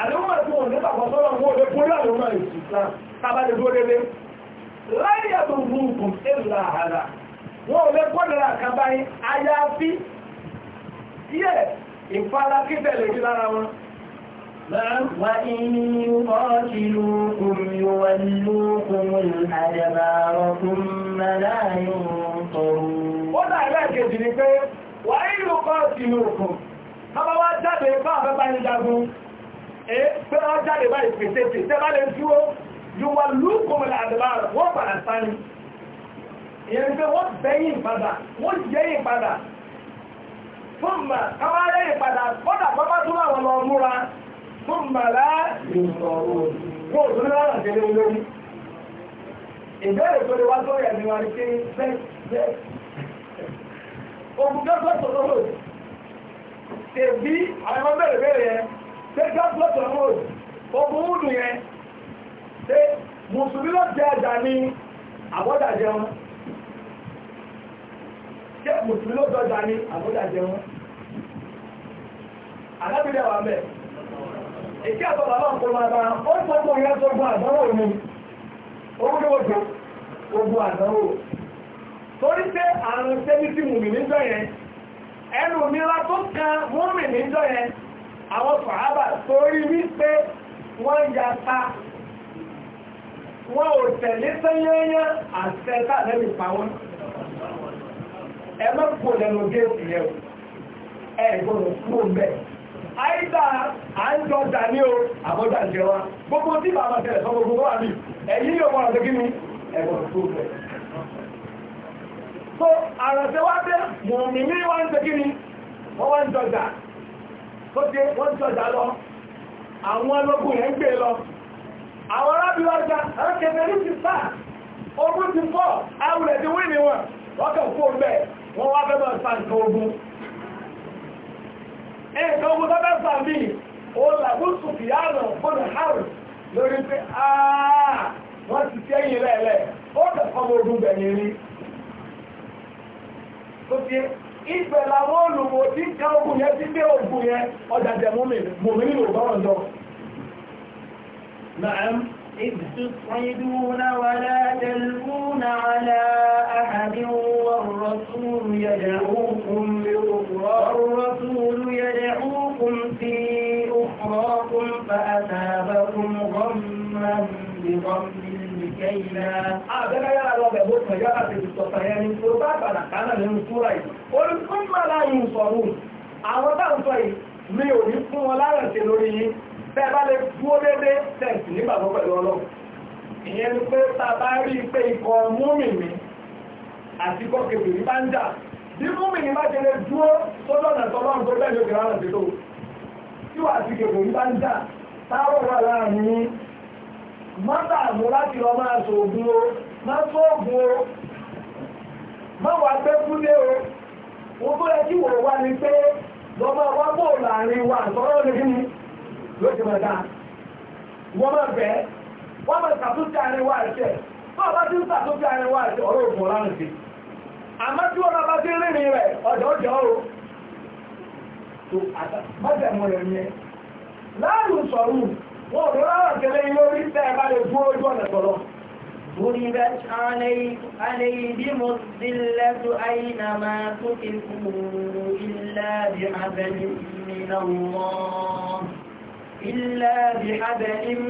[SPEAKER 1] àdéhùn àti òní pàpọ̀ sọ́rọ̀ wọn ò lè kórí àdéhùn àìsí islam tábà lè dúró délé láyé ẹ̀tọ́ gbùngbùn ẹ̀là àrà wọn ò lè kọ́nira àkàbá yín àyàfi yẹ ìfara kíbẹ̀ lè rí lára wọn. وَإِن
[SPEAKER 2] يُقَاتِلُوكُمْ يُوَلُّوكُمُ الْأَدْبَارَ ثُمَّ لَا
[SPEAKER 1] يُنصَرُونَ. ó dà ẹlẹ́ẹ̀kejì ni pé وَإِن يُقَاتِلُوكُم bàbá wa jáde bá àfẹ́fẹ́ ń jagun Eh, pé wọ́n jáde báyìí pèsè pèsè bá lè dúró yíwa lúkùnmù àdìbára wọ́n padà sáni ìyẹn pé wọ́n bẹ́yìn padà wọ́n yẹ́yìn padà fún mà káwá yẹ́yìn padà kọ́dà bàbá tó láwọn lọ múra fún mà láà yóò tún lára tẹ́lẹ̀ olórí ìbéèrè tó lè wá tó yẹ ni wọ́n rí pé bẹ́ẹ̀ bẹ́ẹ̀ ogun tó tó tó lóhùn tèbí àwọn ọmọ bẹ̀rẹ̀ bẹ̀rẹ̀ yẹn ṣé gáfúlọ̀tì ọ̀rọ̀ òdì ogun wúdù yẹn ṣé mùsùlùmí ló jẹ ẹja ní àbọ́dà jẹun ṣé mùsùlùmí ló jọjà ní àbọ́dà jẹun àdábìlẹ̀ wà mẹ́ ìkí àbọ̀bà máa kó máa bá ó sọ fún ìyá tó gún àdánwò ni owó ní ojú ogun àdánwò torí pé àrùn sẹ́bí tí mùmí níjọ yẹn ẹnu mi la tó kan mùmí níjọ yẹn àwọn fàábà torí wípé wọ́n ya ta wọ́n ò tẹ̀lé sẹ́yẹ́yẹ́ àtẹ́ta lẹ́nu pa wọ́n ẹ má kò lẹ́nu géètì yẹn ẹ gbọ́dọ̀ kú ọ̀bẹ àìdá à ń jọ o àbọ̀dà jẹ wa gbogbo tí bàbá tẹ̀lẹ̀ sọ gbogbo wà ní ẹ̀yìn yóò mọ̀ ọ̀dọ́ kí ni ẹ gbọ́dọ̀ kú ọ̀bẹ so àrẹ̀sẹ̀ wá bẹ́ mọ̀mí ní wá ń tẹ́ kí ni wọ́n wá ń jọjà tó dé wọ́n jọjà lọ àwọn ológun yẹn gbé lọ àwọn arábìlọ́jà ẹ̀kẹ́fẹ́ ní ti sáà ogun ti pọ̀ awùrẹ̀ ti wí ni wọn wọ́kẹ̀ fún ọgbẹ́ wọ́n wá fẹ́ máa sàn kan ogun ẹ̀ẹ̀kan ogun tó fẹ́ sàn bí o làbúsù fìyànà fún harris lórí pé àà wọ́n ti tẹ́yìn lẹ́ẹ̀lẹ́ ó kẹ̀kọ́ ogun bẹ̀yìn rí ìgbẹ̀ làwọn olùwò tí ká ogun yẹn tí dé ogun yẹn ọjàjẹ̀ múmi múmi nínú ọgbọ́n jọ
[SPEAKER 2] إذ تصعدون ولا تلوون على أحد والرسول يدعوكم والرسول يدعوكم في أخراكم فأثابكم
[SPEAKER 1] غما بغم لكي لا أعدنا يا رب أبوك يا أبي الصفيان سورة فأنا كان من سورة olùkúnmọ̀lá yìí sọ̀rọ̀ àwọn tá ń sọ yìí mi ò ní fún wọn lárẹ̀ ṣe lórí yìí tẹ́ bá lè dúó dédé tẹ̀sì nígbàgbọ́ pẹ̀lú ọlọ́run ìyẹn ni pé ta bá rí pé ikọ̀ múmìnì àti ikọ̀ kèbìrì bá ń jà bí múmìnì bá ṣe lè dúó sọ́dọ̀nà tọ́lọ́run tó bẹ́ẹ̀ lókè lárẹ̀ tó tí wà sí kèbìrì bá ń jà táwọn wà láàrin yín mọ́tà mú láti lọ máa sòògùn o má sóògùn o má wàá gbé kúlé o wọ́n tó yẹ kí wọ́n wá ní pé lọ́mọ wá bò láàrin ní kí wọ́n máa bẹ̀ wọ́n mọ̀ ṣàtúnṣe àárín wa àṣẹ tó ọba tí ń ṣàtúnṣe àárín ọ̀rọ̀ òfin àmọ́ tí wọ́n bá ti rẹ̀ tó wọn ò tẹ́ ẹ bá lè ojú ọ̀nà ضربت علي عليهم
[SPEAKER 2] الذلة أينما تقفوا إلا بحبل من الله إلا بحبل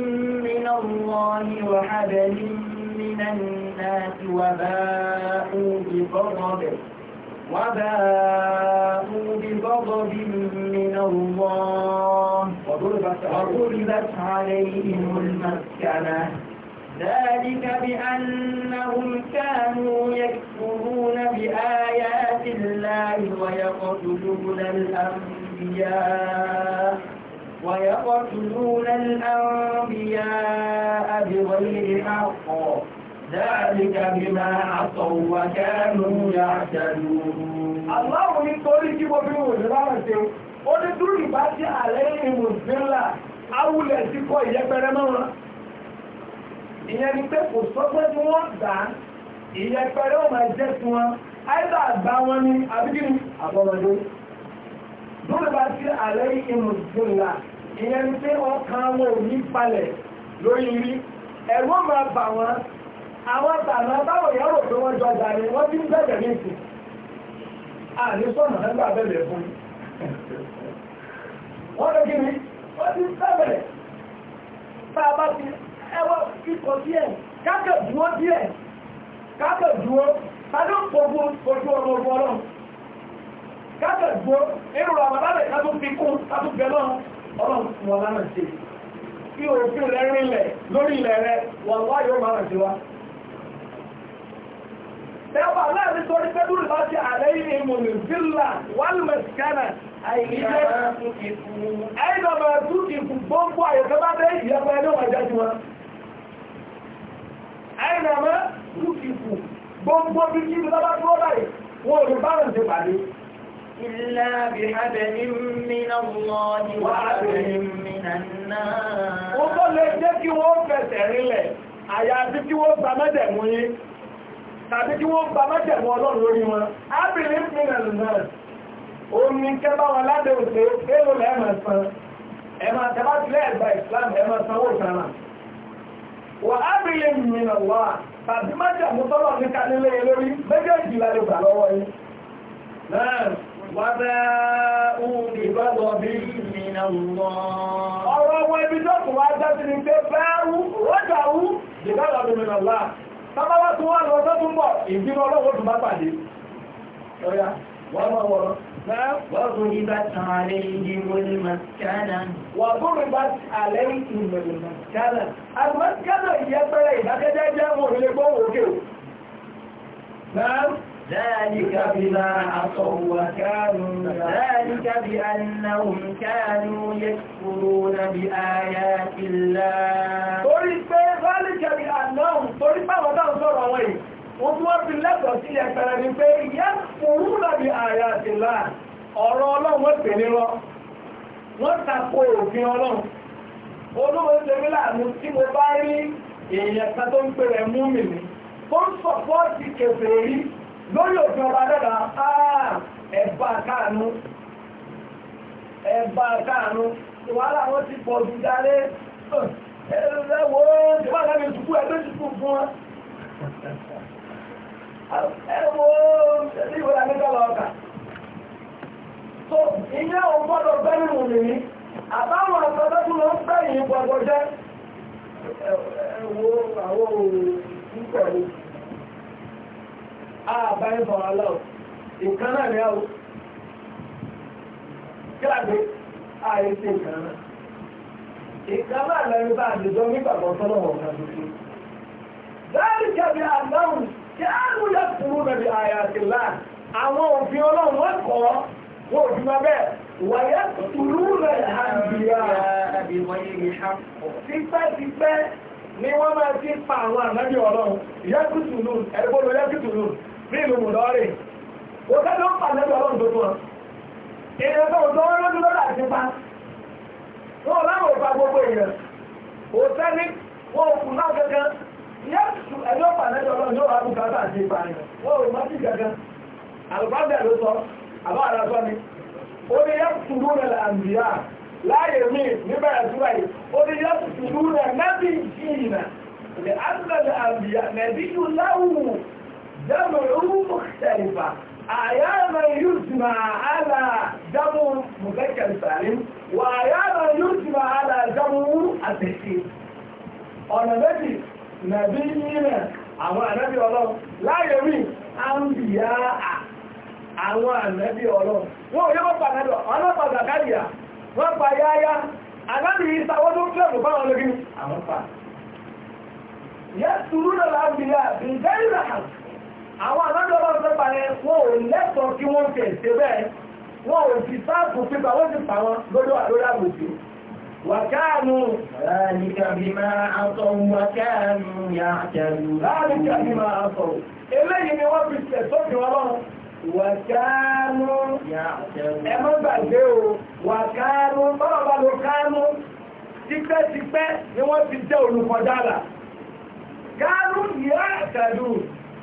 [SPEAKER 2] من الله وحبل من الناس وباءوا بغضب وباءوا بغضب من الله وضربت عليهم المسكنة ذلك بأنهم كانوا يكفرون بآيات الله ويقتلون الأنبياء ويقتلون الأنبياء بغير حق ذلك بما عصوا
[SPEAKER 1] وكانوا يعتدون الله يقول لك وبيقول لك ó ní dúró ìbá tí àlẹ́ ìmùsílà áwùlẹ̀ tí kọ́ ìyẹn ni pé kò sọ́pẹ́ tí wọ́n gbà á ìyẹn pẹ̀lú ọmọ ẹ̀jẹ̀ tí wọ́n àìsà àgbà wọn ní abídínú àbọ̀mọdé bóyá bá sí àlẹ́ ìmùsùnlá ìyẹn ni pé ọkàn wọn ò ní palẹ̀ lórí rí ẹ̀rọ máa bà wọn àwọn tàná táwọn èèyàn rò pé wọ́n jọjà ni wọ́n ti ń bẹ̀rẹ̀ ní ìsìn àní sọ̀nà nígbà bẹ̀rẹ̀ fún wọ́n lè kí ni wọ́n ti ń bẹ̀rẹ̀ tá a bá ti ẹwọ́ kíkọ díẹ̀ kákẹ̀ dúró díẹ̀ kákẹ̀ dúró tàbí ojú ọmọ ọgbọ́rọ̀ kákẹ̀ dúró inú ramadanẹ̀ ká tún fi kún ká tún bẹ̀ lọ́run ọlọ́run wọn lánàá ṣe kí òfin rẹ̀ rinlẹ̀ lórí ilẹ̀ rẹ̀ wọ́n wá yóò máa rẹ̀ sí wa Tẹ́wà láàrin torí pẹ́dúrù bá ti àlẹ́ ilé ìmòrìn Villa, Walmeskana, àìyíjẹ́ àìdọ̀mọ̀ ẹ̀dúkì fún gbọ́ngbọ́ àyẹ̀kọ́ bá bẹ́ ìyẹ́pẹ́ ẹ̀dọ́ ọjà ti wọn àìrànmọ́ lùkìkù gbogbo bí kí lọ́bá tí wọ́n báyìí wọ́n ò lè bá rẹ̀ ṣe pàdé. Ìlà bí abẹ́ni mìíràn wọ́n ni wà abẹ́ni mìíràn náà. Ó tó lè jẹ́ kí wọ́n fẹsẹ̀ rinlẹ̀, àyà àti kí wọ́n gba mẹ́jẹ̀mú yín, tàbí kí wọ́n gba mẹ́jẹ̀mú ọlọ́run lórí wà á rí wà tàbí má àmútọ́lọ̀ ní kalilé lórí méjèèjì lálẹ́ lọ́wọ́ yìí náà wà bẹ́ ohun ìbọ́dọ̀ bí mìíràn lọ ọ̀rọ̀ ọmọ ibi tó kù wá jẹ́ sí ni pé bẹ́ẹ̀rù rọ́jà wú وضربت عليهم المسكنة وضربت عليهم المسكنة المسكنة يبقى إذا جاءوا إلى نعم،
[SPEAKER 2] ذلك بما عصوا
[SPEAKER 1] وكانوا ذلك
[SPEAKER 2] بأنهم كانوا يكفرون بآيات الله قل
[SPEAKER 1] ذلك بأنهم قل فهو ده صورة وين wọ́n tí wọ́n fi lẹ́tọ̀ọ́ sí ẹ̀fẹ̀rẹ̀ ni pé yẹ́ fòrú lọ́bi ààrẹ àtìlá ọ̀rọ̀ ọlọ́run wọ́n pè ní lọ wọ́n tako òfin ọlọ́run olówó ṣe mí láàánú tí mo bá rí èèyàn kan tó ń pè rẹ̀ mú mi ní ó ń sọ̀pọ́ọ̀tì kẹfẹ́ rí lórí òfin ọba dẹ́gbà ẹ̀bá káànú ẹ̀bá káànú ìwàhálà wọn ti pọ̀ jù dálé ẹ̀rọ ẹ̀wọ̀ ẹ̀wọ̀ ihe ṣẹ̀lú ìwé àmẹ́gbàlá òun gbọ́dọ̀ gbẹ́rù òmìnirí àbáwọn àtọ́lọ́dún lọ ń gbẹ̀yìn gbọ́gbọ́ jẹ́ ẹwọ́ àwọn òòrùn àbáyébọ̀ aláwọ̀ nǹkan náà àwọ̀ kíláàdé àìsí nǹkan náà nǹkan bá nígbàgbọ́ káàrù yẹ kúrú nàbí àyàtìlá àwọn òfin ọlọ́run wọ́n kọ́ wọ́n òfin ma bẹ́ẹ̀ wàyẹ kúrú nàbí àyàtìlá tipẹ́tipẹ́ ni wọ́n máa ti pa àwọn ànábì ọlọ́run yẹ́kùtùlù ẹ̀rẹ́gbọ́n lọ yẹ́kùtùlù ní ìlú mùdọ́rì òkè ló ń pa ànábì ọlọ́run tó tún ọ èèyàn tó tó ń lójú lọ́dà ti pa wọ́n láwọn ò pa gbogbo èèyàn òsẹ́ni wọ́n kù náà gẹ́gẹ́ yẹ́sù ẹjọ́ pàdẹ́jọ́ lọ́nà yóò wá ní bàbá àti ìpànìyàn wọ́n ò mọ́ sí gẹ̀gẹ́ àlùbábẹ̀ ló sọ àbá àrásọ́ ni ó ní yẹ́sù lónà àmìyà láàyè mí níbẹ̀rẹ̀ síwá yìí ó ní yẹ́sù lónà nábì jìnnà lè ánàlẹ̀ àmìyà nàbí yóò láwù jẹ́mù sàrín wà àyàmà yóò jìnnà àlà jẹ́mù àtẹ̀sí ọ̀nà méjì nàbí yìnyínà àwọn ànábí ọlọ́run láyé rí àǹbìyà àwọn ànábí ọlọ́run wọ́n yóò pa ànábí ọlọ́pàá zakariya wọ́n pa yáyá ànábí isa wọ́n tó kílẹ̀ lùpá wọn lógún àwọn pa yẹ sùúrù lọ́la àǹbìyà bìjẹ́rì rà àwọn ànábí ọlọ́run tó pa yẹn wọ́n ò lẹ́tọ̀ọ́ kí wọ́n tẹ̀ ṣe bẹ́ẹ̀ wọ́n ò fi sáàpù pípa wọ́n ti pa wọn lórí àlórí àgbòjò وكانوا ذلك بما عصوا
[SPEAKER 2] وكانوا يعتدون ذلك بما عصوا
[SPEAKER 1] إليه ni wọ́n fi tẹ̀sọ́kì ọlọ́run wàkánú ẹmọ́ gbàgbé o wàkánú bọ́lọ̀bá ló kánú tipẹ́tipẹ́ ni wọ́n ti jẹ́ olùkọ̀dálà kánú yíra ẹ̀kẹ̀dù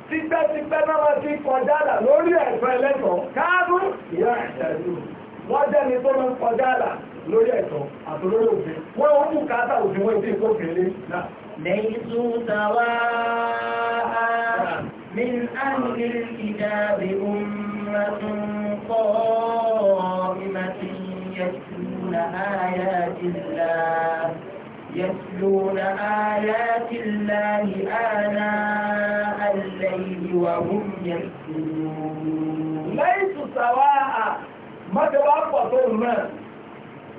[SPEAKER 1] tipẹ́tipẹ́ náà ti kọjálà lórí ẹ̀fẹ́ lẹ́tọ̀ọ́ kánú yíra ẹ̀kẹ̀dù wọ́n jẹ́ ni tó lọ kọjálà lórí ẹ̀tọ́ àtòlórí òfin wọ́n ó mú káàtà òfin wọ́n ìdí ìkókèlé náà lẹ́yìn من أهل
[SPEAKER 2] الكتاب أمة قائمة يتلون آيات الله يتلون آيات الله آناء الليل وهم
[SPEAKER 1] يتلون ليسوا سواء ما جواب وطول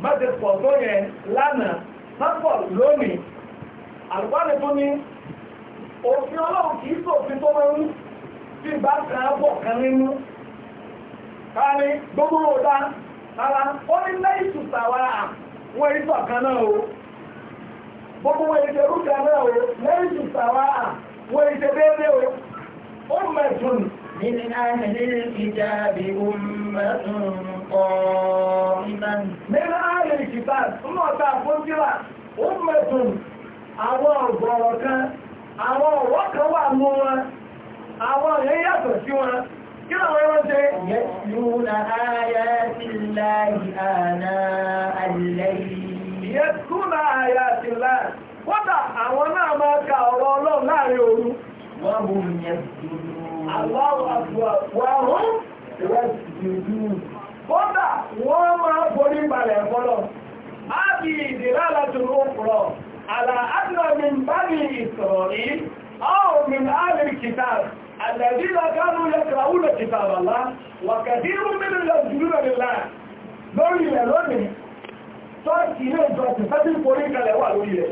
[SPEAKER 1] má ti pọ̀ lana yẹn lánàá má pọ̀ lónìí àlùbáàlì tó ní òfin ọlọ́run kìí sòfin tó máa ń gbogbo ọ̀dá ara ó ní lẹ́yìn tùtàwà àwọn ìtọ̀ o gbogbo ìṣerú kan o lẹ́yìn o
[SPEAKER 2] من أهل الكتاب أمة قائمة
[SPEAKER 1] من أهل الكتاب ثم تقول أمة àwọn ọ̀gọ̀rọ̀ kan àwọn ọ̀wọ́ kan wà mú wọn àwọn ọ̀rẹ́ yàtọ̀ sí
[SPEAKER 2] wọn kí àwọn ẹwọ́n
[SPEAKER 1] ṣe aláwọ̀ àgbà wàhún rẹ̀sìdìdì kódà wọ́n máa borí balẹ̀ fọ́lọ̀ á bí ìdìrá látún ó pọ̀lọ̀ àlà ádùnàmì أو من أهل الكتاب الذين كانوا يقرؤون كتاب الله وكثير منهم يسجدون لله lórí ilẹ̀ lónìí tọ́ọ̀kì ilé ìjọsìn sẹ́bí forí kalẹ̀ wà lórí rẹ̀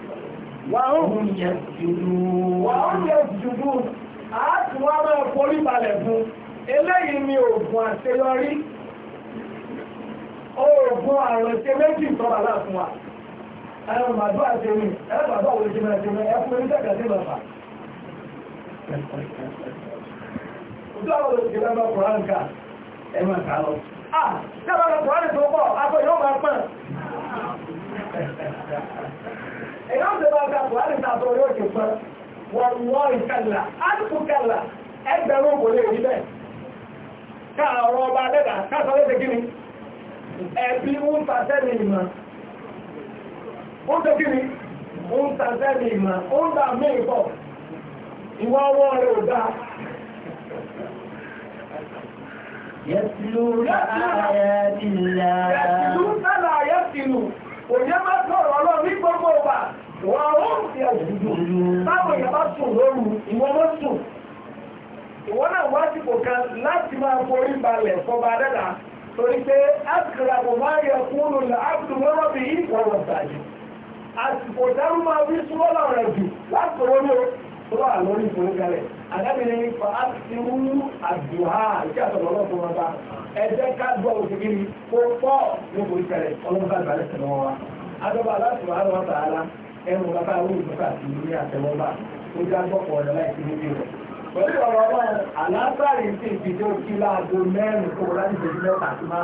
[SPEAKER 1] wọ́n yẹ jùlú àátùwá máa forí balẹ̀ fún eléyìí ni oògùn àṣeyọrí oògùn àrùn ṣe méjì tọ́ba náà fún wa ẹ̀rọ màdúrà ṣe mi ẹ̀rọ màdúrà wòlé ṣe máa ṣe mẹ́ ẹkùn ní tẹ̀kẹ̀ sí mẹ́fà ojú àwọn olóṣèlú ṣe mẹ́fà kùrán ká ẹ̀ máa kà lọ. ah ṣé àwọn kùrán tó pọ̀ akọ yóò máa pọ̀ èèyàn ti máa ka buhari sàtọ̀ yóò ti fẹ́ wọ́n wọ́n ìkàlà àdùkù kàlà ẹgbẹ̀rún kò lè rí bẹ́ẹ̀ káàrọ̀ ọba lẹ́dà káàkọ́ lẹ́sẹ̀ kí ni ẹbí ń tàṣẹ́ ní ìmọ̀ ó tẹ́ kí ni sọ̀rọ̀ lọ ní gbogbo ọba wọ́n wọ́n fi àjùjú báwọn èèyàn bá sùn lóru ìwọ́n mọ́ sùn ìwọ́n náà wá sípò kan láti máa forí balẹ̀ fọba dẹ́dà torí pé àtìkìlàbò máa yẹ kúrò láàbùdù lọ́rọ̀ bí i wọ̀rọ̀ sàájú àsìkò dárú máa wí súnmọ́ lọ́rọ̀ jù láti ronú tó wà lórí ìforí balẹ̀ àdábìnrin fa àtìrú àdùhà ìjàtọ̀ lọ́rọ̀ fún wọn bá ẹ̀jẹ̀ ká gbọ́ òṣèlú kó pọ̀ ní ìforí balẹ̀ ọlọ́mọba ìbàlẹ̀ tẹ̀lé wọn wa adọ́ba aláṣùwà àwọn ọ̀tà ẹnu bàbá àwọn ìjọba àti ilé àtẹwọ́bà ó já gbọ́pọ̀ ọ̀rọ̀ láìsí níbi rẹ̀. pẹ̀lú ọ̀rọ̀ náà àlàáfàá rèé sì ti dé
[SPEAKER 3] òkí láago mẹ́rin kó láti dèjì mẹ́ta